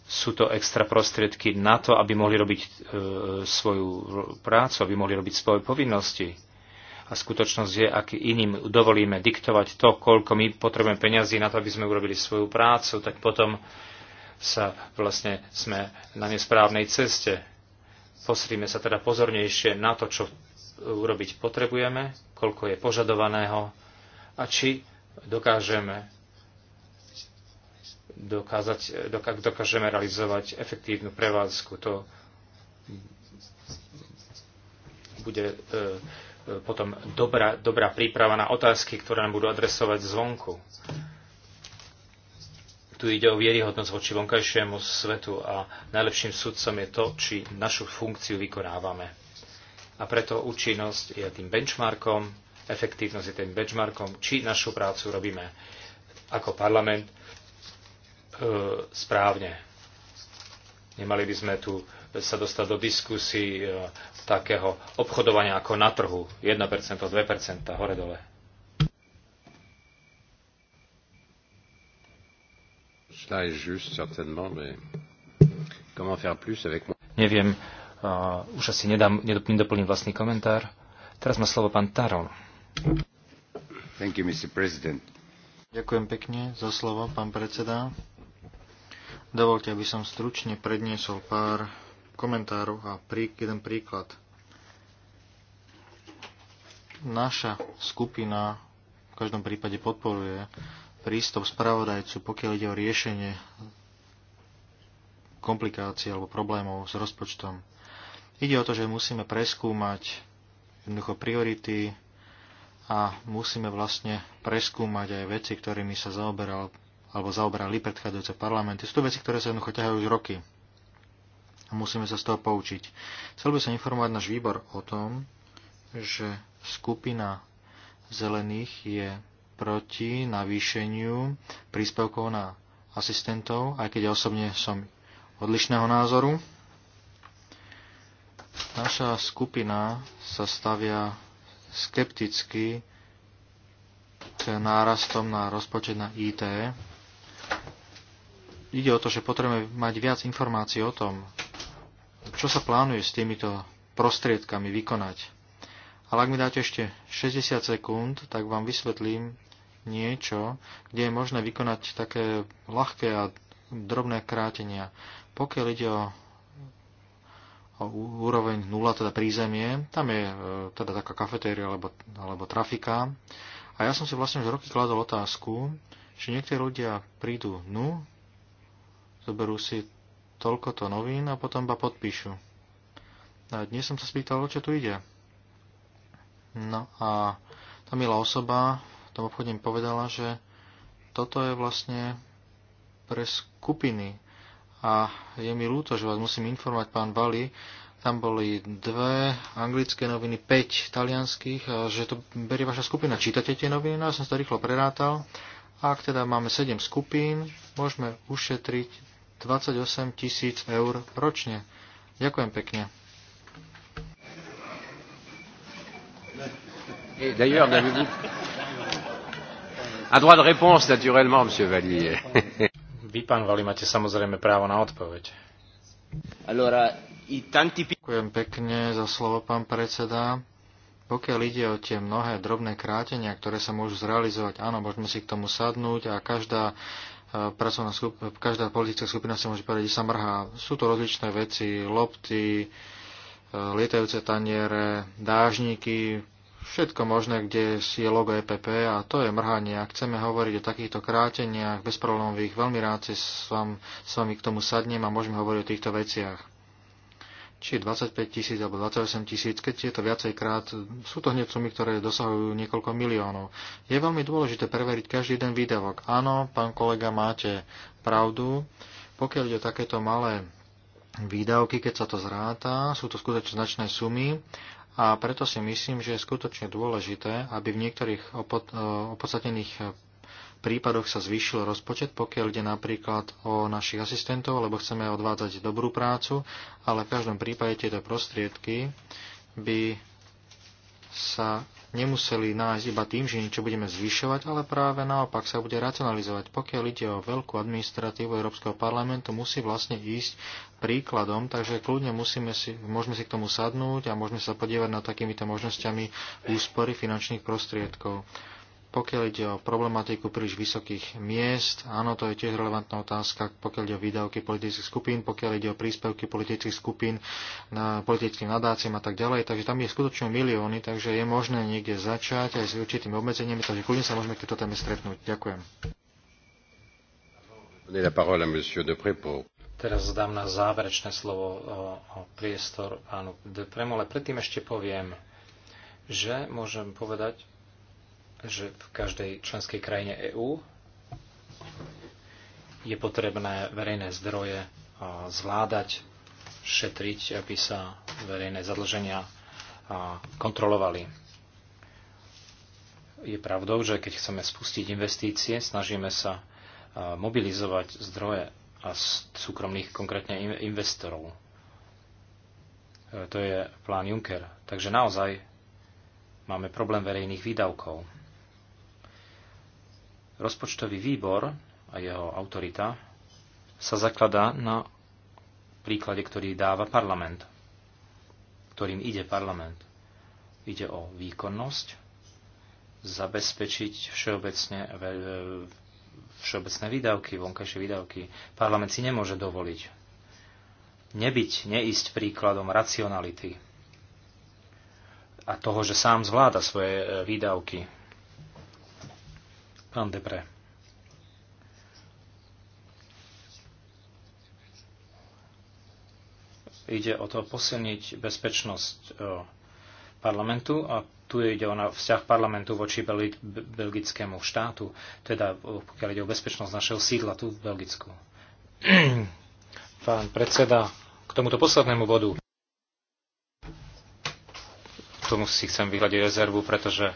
Sú to extra prostriedky na to, aby mohli robiť e, svoju prácu, aby mohli robiť svoje povinnosti a skutočnosť je, ak iným dovolíme diktovať to, koľko my potrebujeme peňazí na to, aby sme urobili svoju prácu, tak potom sa vlastne sme na nesprávnej ceste. Posrime sa teda pozornejšie na to, čo urobiť potrebujeme, koľko je požadovaného a či dokážeme dokázať, dokáž, dokážeme realizovať efektívnu prevádzku. To bude e, potom dobrá, dobrá príprava na otázky, ktoré nám budú adresovať zvonku. Tu ide o vieryhodnosť voči vonkajšiemu svetu a najlepším sudcom je to, či našu funkciu vykonávame. A preto účinnosť je tým benchmarkom, efektívnosť je tým benchmarkom, či našu prácu robíme ako parlament e, správne. Nemali by sme tu sa dostať do diskusí e, takého obchodovania ako na trhu. 1%, 2%, hore dole. Neviem, uh, už asi nedám, nedoplním vlastný komentár. Teraz má slovo pán Taron. Thank you, Mr. President. Ďakujem pekne za slovo, pán predseda. Dovolte, aby som stručne predniesol pár komentárov a prí, jeden príklad. Naša skupina v každom prípade podporuje prístup spravodajcu, pokiaľ ide o riešenie komplikácií alebo problémov s rozpočtom. Ide o to, že musíme preskúmať jednoducho priority a musíme vlastne preskúmať aj veci, ktorými sa zaoberal alebo zaoberali predchádzajúce parlamenty. Sú to veci, ktoré sa jednoducho ťahajú už roky a musíme sa z toho poučiť. Chcel by som informovať náš výbor o tom, že skupina zelených je proti navýšeniu príspevkov na asistentov, aj keď ja osobne som odlišného názoru. Naša skupina sa stavia skepticky k nárastom na rozpočet na IT. Ide o to, že potrebujeme mať viac informácií o tom, čo sa plánuje s týmito prostriedkami vykonať. Ale ak mi dáte ešte 60 sekúnd, tak vám vysvetlím niečo, kde je možné vykonať také ľahké a drobné krátenia. Pokiaľ ide o, o úroveň 0, teda prízemie, tam je e, teda taká kafetéria alebo, alebo trafika. A ja som si vlastne už roky kladol otázku, že niektorí ľudia prídu dnu, zoberú si toľko to novín a potom ba podpíšu. A dnes som sa spýtal, o čo tu ide. No a tá milá osoba v tom obchode mi povedala, že toto je vlastne pre skupiny. A je mi ľúto, že vás musím informovať, pán Vali, tam boli dve anglické noviny, 5 talianských, že to berie vaša skupina. Čítate tie noviny? No, ja som to rýchlo prerátal. Ak teda máme 7 skupín, môžeme ušetriť 28 tisíc eur ročne. Ďakujem pekne. Et d'ailleurs, n'avez-vous un droit de réponse, naturellement, Monsieur Vallier. Vy, pán Vali, máte samozrejme právo na odpoveď. Allora, i tanti... Ďakujem pekne za slovo, pán predseda. Pokiaľ ide o tie mnohé drobné krátenia, ktoré sa môžu zrealizovať, áno, môžeme si k tomu sadnúť a každá pracovná skupina, každá politická skupina si môže povedať, že sa mrhá. Sú to rozličné veci, lopty, e, lietajúce taniere, dážniky, všetko možné, kde je logo EPP a to je mrhanie. Ak chceme hovoriť o takýchto kráteniach bezproblémových, veľmi rád si s, vám, s vami k tomu sadnem a môžeme hovoriť o týchto veciach či 25 tisíc alebo 28 tisíc, keď je to viacejkrát, sú to hneď sumy, ktoré dosahujú niekoľko miliónov. Je veľmi dôležité preveriť každý jeden výdavok. Áno, pán kolega, máte pravdu. Pokiaľ ide o takéto malé výdavky, keď sa to zráta, sú to skutočne značné sumy a preto si myslím, že je skutočne dôležité, aby v niektorých eh, opodstatnených prípadoch sa zvýšil rozpočet, pokiaľ ide napríklad o našich asistentov, lebo chceme odvádzať dobrú prácu, ale v každom prípade tieto prostriedky by sa nemuseli nájsť iba tým, že niečo budeme zvyšovať, ale práve naopak sa bude racionalizovať. Pokiaľ ide o veľkú administratívu Európskeho parlamentu, musí vlastne ísť príkladom, takže kľudne musíme si, môžeme si k tomu sadnúť a môžeme sa podívať na takýmito možnosťami úspory finančných prostriedkov. Pokiaľ ide o problematiku príliš vysokých miest, áno, to je tiež relevantná otázka, pokiaľ ide o výdavky politických skupín, pokiaľ ide o príspevky politických skupín na politickým nadáciam a tak ďalej. Takže tam je skutočne milióny, takže je možné niekde začať aj s určitými obmedzeniami, takže kľudne sa môžeme k tejto téme stretnúť. Ďakujem. Teraz dám na záverečné slovo o, o priestor pánu ale Predtým ešte poviem, že môžem povedať, že v každej členskej krajine EÚ je potrebné verejné zdroje zvládať, šetriť, aby sa verejné zadlženia kontrolovali. Je pravdou, že keď chceme spustiť investície, snažíme sa mobilizovať zdroje a súkromných konkrétne investorov. E, to je plán Juncker. Takže naozaj máme problém verejných výdavkov. Rozpočtový výbor a jeho autorita sa zakladá na príklade, ktorý dáva parlament, ktorým ide parlament. Ide o výkonnosť, zabezpečiť všeobecne, všeobecné výdavky, vonkajšie výdavky. Parlament si nemôže dovoliť nebyť, neísť príkladom racionality a toho, že sám zvláda svoje e, výdavky, Pán Debre. Ide o to posilniť bezpečnosť e, parlamentu a tu ide o vzťah parlamentu voči belgickému štátu, teda e, pokiaľ ide o bezpečnosť našeho sídla tu v Belgicku. Pán predseda, k tomuto poslednému bodu. K tomu si chcem vyhľadiť rezervu, pretože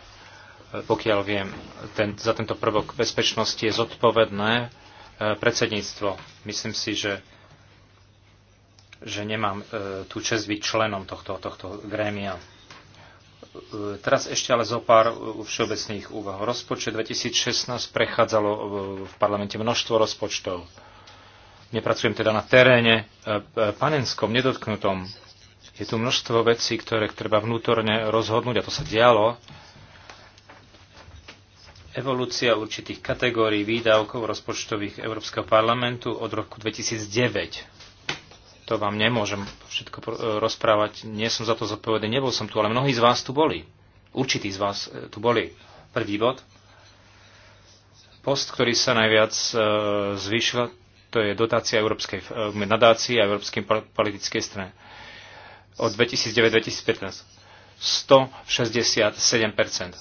pokiaľ viem, ten, za tento prvok bezpečnosti je zodpovedné e, predsedníctvo. Myslím si, že, že nemám e, tú čest byť členom tohto, tohto grémia. E, teraz ešte ale zo pár všeobecných úvah. Rozpočet 2016 prechádzalo v parlamente množstvo rozpočtov. Nepracujem teda na teréne panenskom, nedotknutom. Je tu množstvo vecí, ktoré treba vnútorne rozhodnúť, a to sa dialo evolúcia určitých kategórií výdavkov rozpočtových Európskeho parlamentu od roku 2009. To vám nemôžem všetko rozprávať, nie som za to zodpovedný, nebol som tu, ale mnohí z vás tu boli. Určití z vás e, tu boli. Prvý bod. Post, ktorý sa najviac e, zvyšil, to je dotácia Európskej e, nadácii a Európskej politickej strane od 2009-2015. 167%. 167%.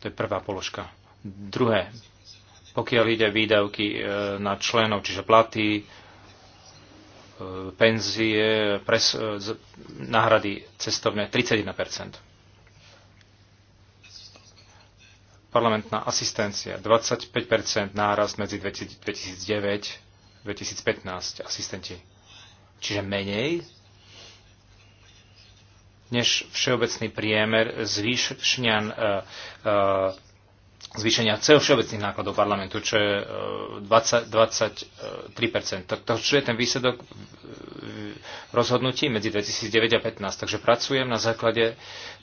To je prvá položka. Druhé, pokiaľ ide výdavky e, na členov, čiže platy, e, penzie, pres, e, náhrady cestovné 31 parlamentná asistencia 25 nárast medzi 2009-2015 asistenti. Čiže menej než všeobecný priemer zvýšenia, e, e, zvýšenia cel všeobecných nákladov parlamentu, čo je 20, 23%. To, to čo je ten výsledok e, rozhodnutí medzi 2009 a 2015. Takže pracujem na základe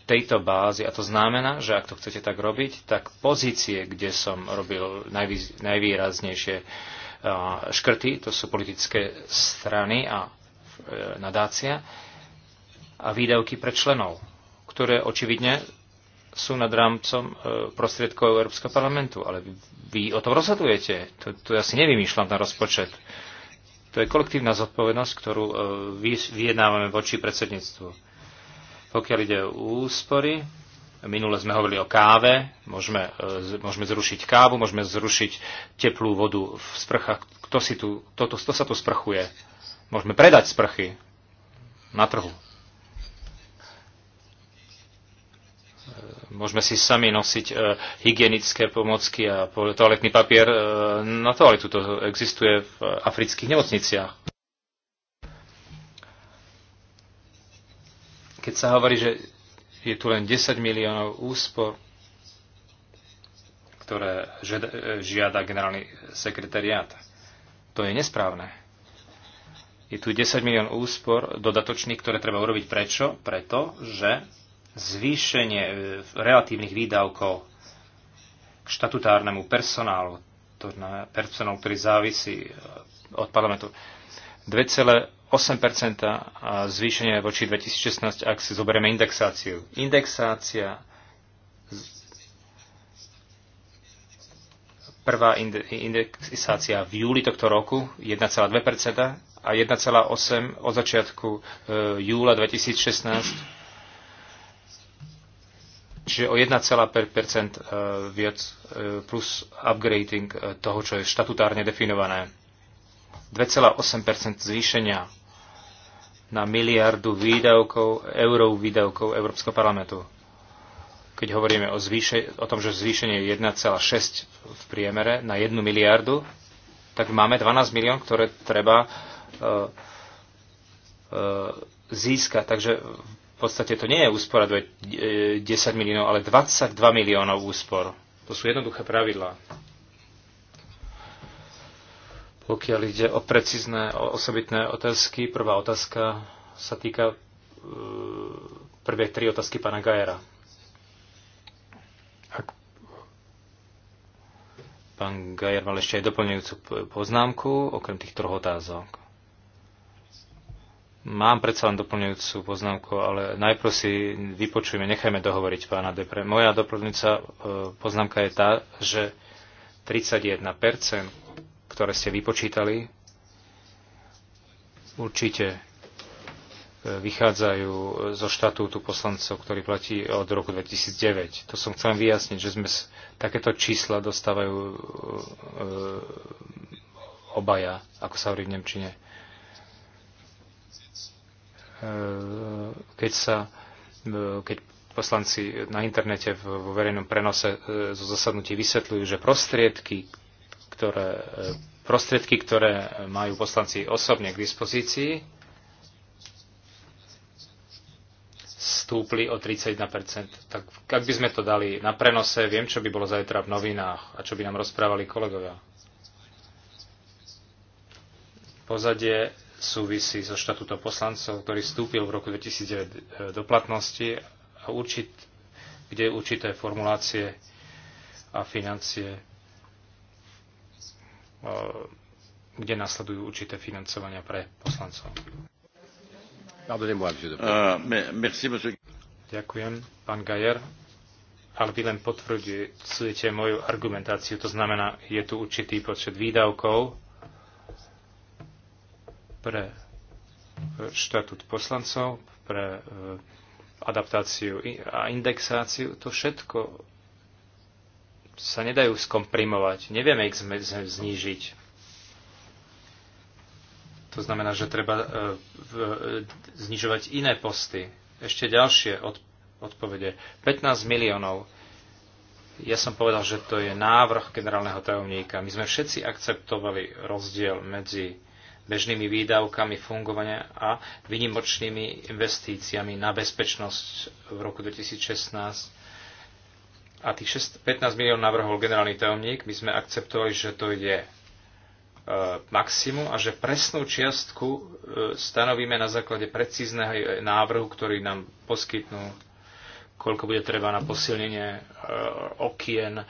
tejto bázy a to znamená, že ak to chcete tak robiť, tak pozície, kde som robil najvý, najvýraznejšie škrty, to sú politické strany a nadácia, a výdavky pre členov, ktoré očividne sú nad rámcom e, prostriedkov Európskeho parlamentu. Ale vy o tom rozhodujete. To, to ja si nevymýšľam na rozpočet. To je kolektívna zodpovednosť, ktorú e, vyjednávame voči predsedníctvu. Pokiaľ ide o úspory, minule sme hovorili o káve, môžeme, e, môžeme zrušiť kávu, môžeme zrušiť teplú vodu v sprchách. Kto, si tu, to, to, to sa tu sprchuje? Môžeme predať sprchy na trhu. Môžeme si sami nosiť e, hygienické pomocky a toaletný papier e, na toaletu. To existuje v afrických nemocniciach. Keď sa hovorí, že je tu len 10 miliónov úspor, ktoré žiada generálny sekretariát. To je nesprávne. Je tu 10 milión úspor dodatočných, ktoré treba urobiť prečo? Preto, že zvýšenie e, relatívnych výdavkov k štatutárnemu personálu, to na personál, ktorý závisí e, od parlamentu. 2,8% zvýšenie voči 2016, ak si zoberieme indexáciu. Indexácia prvá indexácia v júli tohto roku 1,2% a 1,8% od začiatku e, júla 2016 Čiže o 1,5 e, viac e, plus upgrading e, toho, čo je štatutárne definované. 2,8 zvýšenia na miliardu výdavkov, eurov výdavkov Európskeho parlamentu. Keď hovoríme o, zvýše, o tom, že zvýšenie je 1,6 v priemere na 1 miliardu, tak máme 12 milión, ktoré treba uh, uh, získať. Takže podstate to nie je úspora 10 e, miliónov, ale 22 miliónov úspor. To sú jednoduché pravidlá. Pokiaľ ide o precízne, o osobitné otázky, prvá otázka sa týka e, prvé tri otázky pána Gajera. Ak pán Gajer mal ešte aj doplňujúcu poznámku, okrem tých troch otázok. Mám predsa len doplňujúcu poznámku, ale najprv si vypočujeme, nechajme dohovoriť pána Depre. Moja doplňujúca e, poznámka je tá, že 31%, ktoré ste vypočítali, určite e, vychádzajú zo štatútu poslancov, ktorý platí od roku 2009. To som chcel vyjasniť, že sme takéto čísla dostávajú e, obaja, ako sa hovorí v Nemčine E, keď sa e, keď poslanci na internete vo verejnom prenose e, zo zasadnutí vysvetľujú, že prostriedky, ktoré, prostriedky, ktoré majú poslanci osobne k dispozícii, stúpli o 31%. Tak ak by sme to dali na prenose, viem, čo by bolo zajtra v novinách a čo by nám rozprávali kolegovia. Pozadie súvisí so štatútom poslancov, ktorý vstúpil v roku 2009 e, do platnosti a určit, kde určité formulácie a financie, e, kde nasledujú určité financovania pre poslancov. Euh, Ďakujem, pán Gajer. Ale vy len potvrdzujete moju argumentáciu, to znamená, je tu určitý počet výdavkov, pre e, štatút poslancov, pre e, adaptáciu a indexáciu, to všetko sa nedajú skomprimovať, nevieme ich znížiť. To znamená, že treba e, znižovať iné posty. Ešte ďalšie odpovede. 15 miliónov. Ja som povedal, že to je návrh generálneho tajomníka. My sme všetci akceptovali rozdiel medzi bežnými výdavkami fungovania a vynimočnými investíciami na bezpečnosť v roku 2016. A tých 6, 15 milión navrhol generálny tajomník. My sme akceptovali, že to ide e, maximum a že presnú čiastku e, stanovíme na základe precízneho návrhu, ktorý nám poskytnú, koľko bude treba na posilnenie e, okien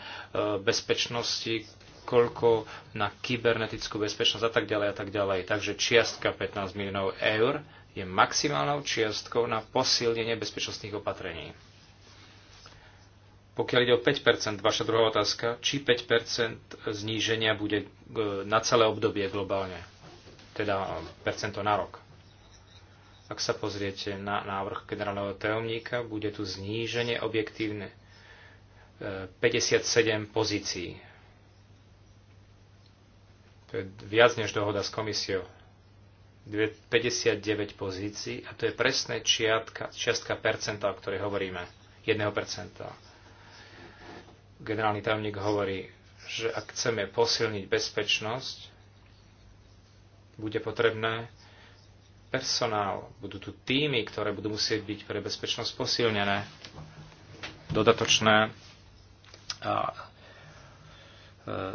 bezpečnosti, koľko na kybernetickú bezpečnosť a tak ďalej a tak ďalej. Takže čiastka 15 miliónov eur je maximálnou čiastkou na posilnenie bezpečnostných opatrení. Pokiaľ ide o 5%, vaša druhá otázka, či 5% zníženia bude e, na celé obdobie globálne, teda e, percento na rok. Ak sa pozriete na návrh generálneho tajomníka, bude tu zníženie objektívne 57 e, pozícií to je viac než dohoda s komisiou. 59 pozícií a to je presné čiastka, čiastka percenta, o ktorej hovoríme. 1%. Generálny tajomník hovorí, že ak chceme posilniť bezpečnosť, bude potrebné personál, budú tu týmy, ktoré budú musieť byť pre bezpečnosť posilnené, dodatočné a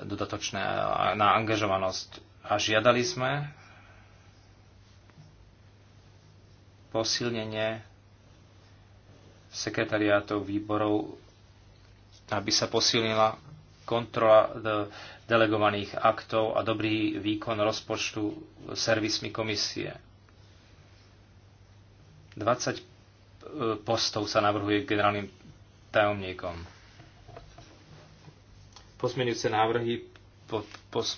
dodatočné na angažovanosť. A žiadali sme posilnenie sekretariátov výborov, aby sa posilnila kontrola delegovaných aktov a dobrý výkon rozpočtu servismi komisie. 20 e, postov sa navrhuje generálnym tajomníkom Pozmeňujúce návrhy po, po, e,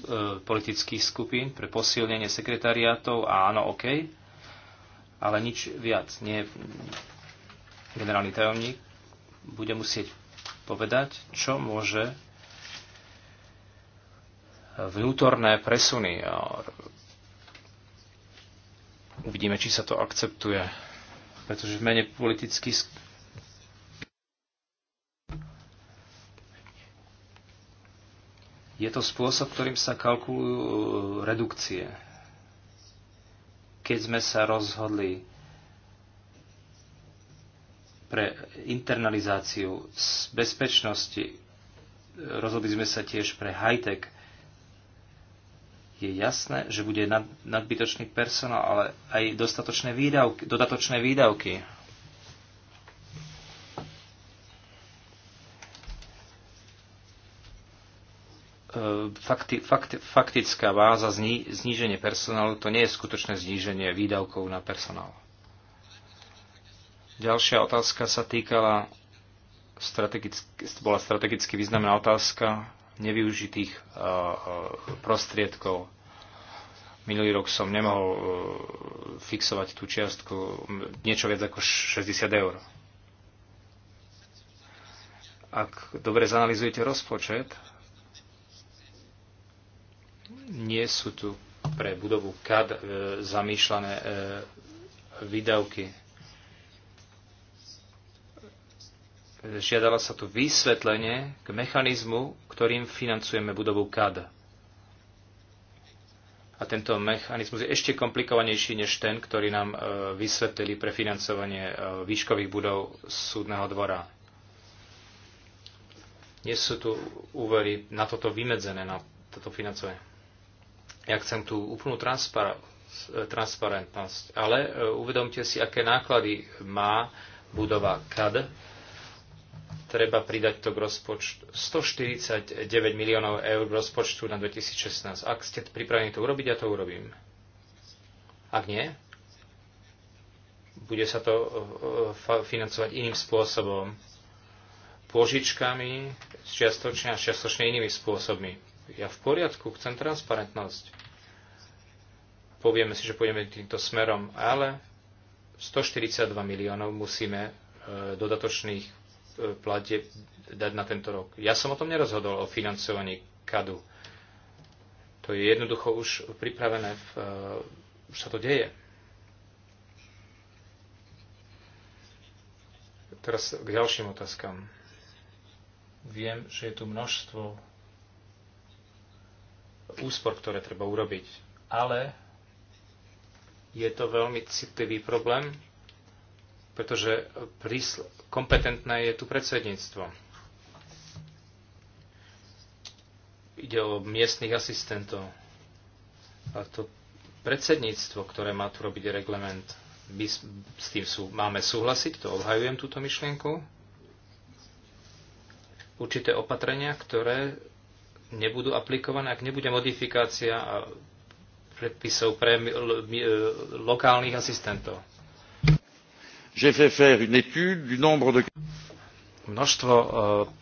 politických skupín pre posilnenie sekretariátov, áno, OK, ale nič viac. Nie, generálny tajomník bude musieť povedať, čo môže vnútorné presuny. uvidíme, či sa to akceptuje. Pretože v mene politických Je to spôsob, ktorým sa kalkulujú e, redukcie. Keď sme sa rozhodli pre internalizáciu z bezpečnosti, e, rozhodli sme sa tiež pre high-tech, je jasné, že bude nadbytočný personál, ale aj dostatočné výdavky, dodatočné výdavky. E, fakti, fakti, faktická váza zni, zníženie personálu to nie je skutočné zníženie výdavkov na personál. Ďalšia otázka sa týkala strategicky, bola strategicky významná otázka nevyužitých e, e, prostriedkov. Minulý rok som nemohol fixovať tú čiastku niečo viac ako 60 eur. Ak dobre zanalizujete rozpočet, nie sú tu pre budovu KAD e, zamýšľané e, výdavky. Žiadala sa tu vysvetlenie k mechanizmu, ktorým financujeme budovu KAD. A tento mechanizmus je ešte komplikovanejší než ten, ktorý nám e, vysvetlili pre financovanie e, výškových budov súdneho dvora. Nie sú tu úvery na toto vymedzené, na toto financovanie. Ja chcem tú úplnú transparentnosť, ale e, uvedomte si, aké náklady má budova CAD. Treba pridať to k rozpočtu 149 miliónov eur v rozpočtu na 2016. Ak ste pripravení to urobiť, ja to urobím. Ak nie, bude sa to e, e, financovať iným spôsobom. Pôžičkami, čiastočne a čiastočne inými spôsobmi ja v poriadku, chcem transparentnosť. Povieme si, že pôjdeme týmto smerom, ale 142 miliónov musíme e, dodatočných e, platie dať na tento rok. Ja som o tom nerozhodol, o financovaní KADU. To je jednoducho už pripravené, v, e, už sa to deje. Teraz k ďalším otázkam. Viem, že je tu množstvo úspor, ktoré treba urobiť. Ale je to veľmi citlivý problém, pretože kompetentné je tu predsedníctvo. Ide o miestnych asistentov. A to predsedníctvo, ktoré má tu robiť reglement, my s tým sú, máme súhlasiť, to obhajujem túto myšlienku. Určité opatrenia, ktoré nebudú aplikované, ak nebude modifikácia a predpisov pre e, lokálnych asistentov. Množstvo e,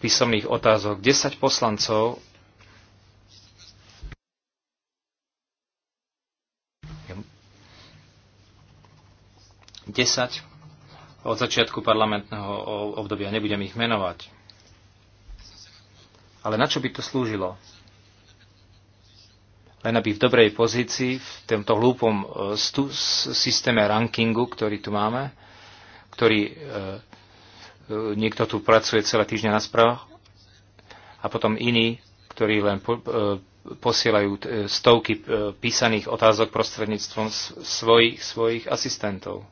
písomných otázok, 10 poslancov 10. od začiatku parlamentného obdobia, nebudem ich menovať. Ale na čo by to slúžilo? Len aby v dobrej pozícii, v tomto hlúpom e, stu, systéme rankingu, ktorý tu máme, ktorý e, e, niekto tu pracuje celé týždňa na správach, a potom iní, ktorí len po, e, posielajú e, stovky e, písaných otázok prostredníctvom svojich, svojich asistentov.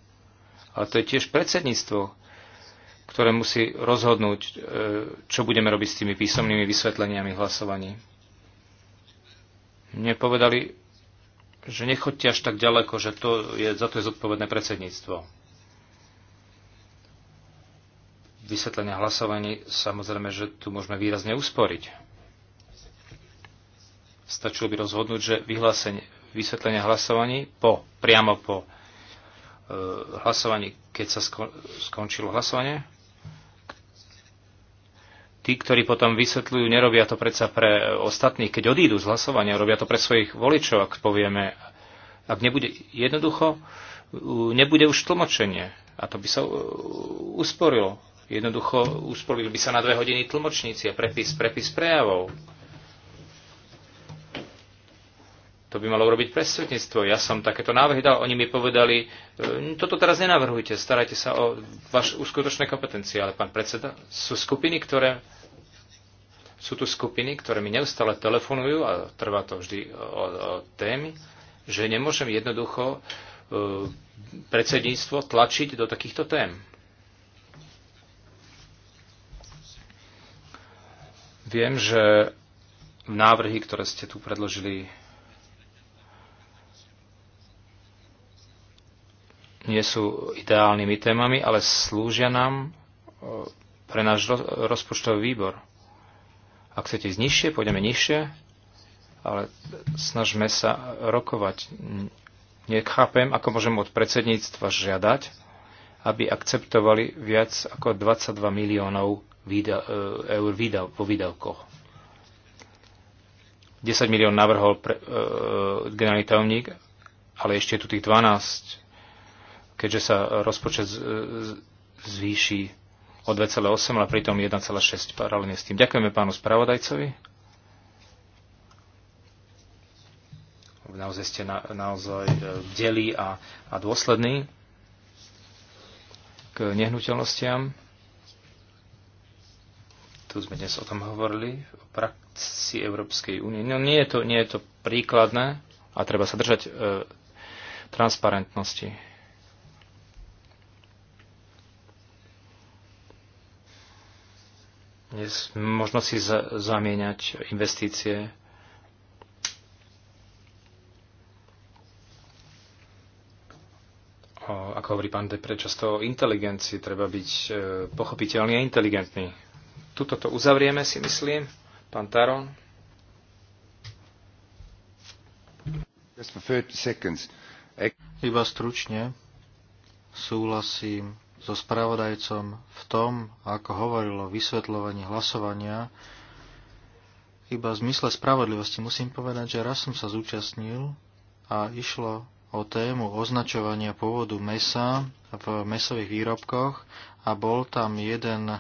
Ale to je tiež predsedníctvo, ktoré musí rozhodnúť, e, čo budeme robiť s tými písomnými vysvetleniami hlasovaní. Mne povedali, že nechoďte až tak ďaleko, že to je, za to je zodpovedné predsedníctvo. Vysvetlenia hlasovaní, samozrejme, že tu môžeme výrazne usporiť. Stačilo by rozhodnúť, že vyhlásenie, vysvetlenia hlasovaní po, priamo po e, hlasovaní, keď sa sko- skončilo hlasovanie, tí, ktorí potom vysvetľujú, nerobia to predsa pre e, ostatných, keď odídu z hlasovania, robia to pre svojich voličov, ak povieme, ak nebude jednoducho, nebude už tlmočenie. A to by sa e, usporilo. Jednoducho usporili by sa na dve hodiny tlmočníci a prepis, prepis prejavov. To by malo urobiť predsedníctvo. Ja som takéto návrhy dal. Oni mi povedali, e, toto teraz nenavrhujte, starajte sa o vaše uskutočné kompetencie. Ale pán predseda, sú skupiny, ktoré sú tu skupiny, ktoré mi neustále telefonujú, a trvá to vždy o, o témy, že nemôžem jednoducho e, predsedníctvo tlačiť do takýchto tém. Viem, že návrhy, ktoré ste tu predložili, nie sú ideálnymi témami, ale slúžia nám e, pre náš rozpočtový výbor. Ak chcete ísť nižšie, pôjdeme nižšie, ale snažme sa rokovať. Nechápem, ako môžem od predsedníctva žiadať, aby akceptovali viac ako 22 miliónov e, eur po vo výdavkoch. 10 milión navrhol pre, e, generálny tajomník, ale ešte je tu tých 12, keďže sa rozpočet z, e, z, zvýši o 2,8, ale pritom 1,6 paralelne s tým. Ďakujeme pánu spravodajcovi. Naozaj ste na, naozaj e, delí a, a dôslední k nehnuteľnostiam. Tu sme dnes o tom hovorili, o praxi Európskej únie. No nie je to, nie je to príkladné a treba sa držať e, transparentnosti. Dnes možno si za, zamieňať investície. O, ako hovorí pán Depre, často o inteligencii treba byť e, pochopiteľný a inteligentný. Tuto to uzavrieme, si myslím. Pán Taron. Iba stručne súhlasím so spravodajcom v tom, ako hovorilo o vysvetľovaní hlasovania, iba v zmysle spravodlivosti musím povedať, že raz som sa zúčastnil a išlo o tému označovania pôvodu mesa v mesových výrobkoch a bol tam jeden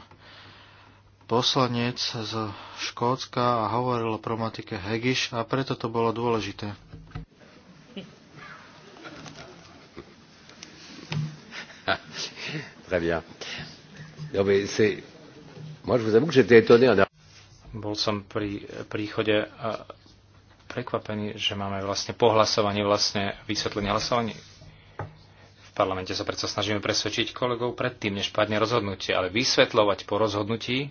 poslanec z Škótska a hovoril o problematike Hegiš a preto to bolo dôležité. Très bien. Moi, je vous avoue que j'étais étonné en bol som pri príchode prekvapený, že máme vlastne pohlasovanie, vlastne vysvetlenie hlasovaní. V parlamente sa predsa snažíme presvedčiť kolegov predtým, než padne rozhodnutie, ale vysvetľovať po rozhodnutí,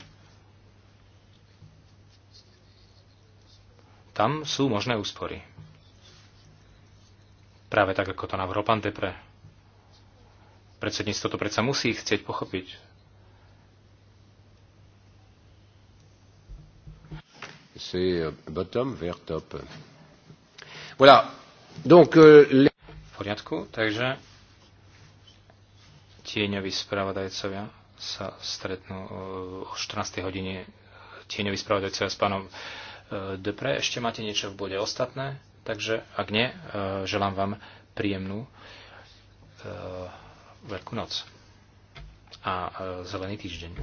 tam sú možné úspory. Práve tak, ako to navrhol pán Depre. Predsedníctvo to predsa musí chcieť pochopiť. Euh, voilà. Donc, euh, V poriadku, takže tieňoví spravodajcovia sa stretnú eh, o 14. hodine. Tieňoví spravodajcovia s pánom eh, Depre. Ešte máte niečo v bode ostatné? Takže ak nie, eh, želám vám príjemnú Veľkú noc a e, zelený týždeň.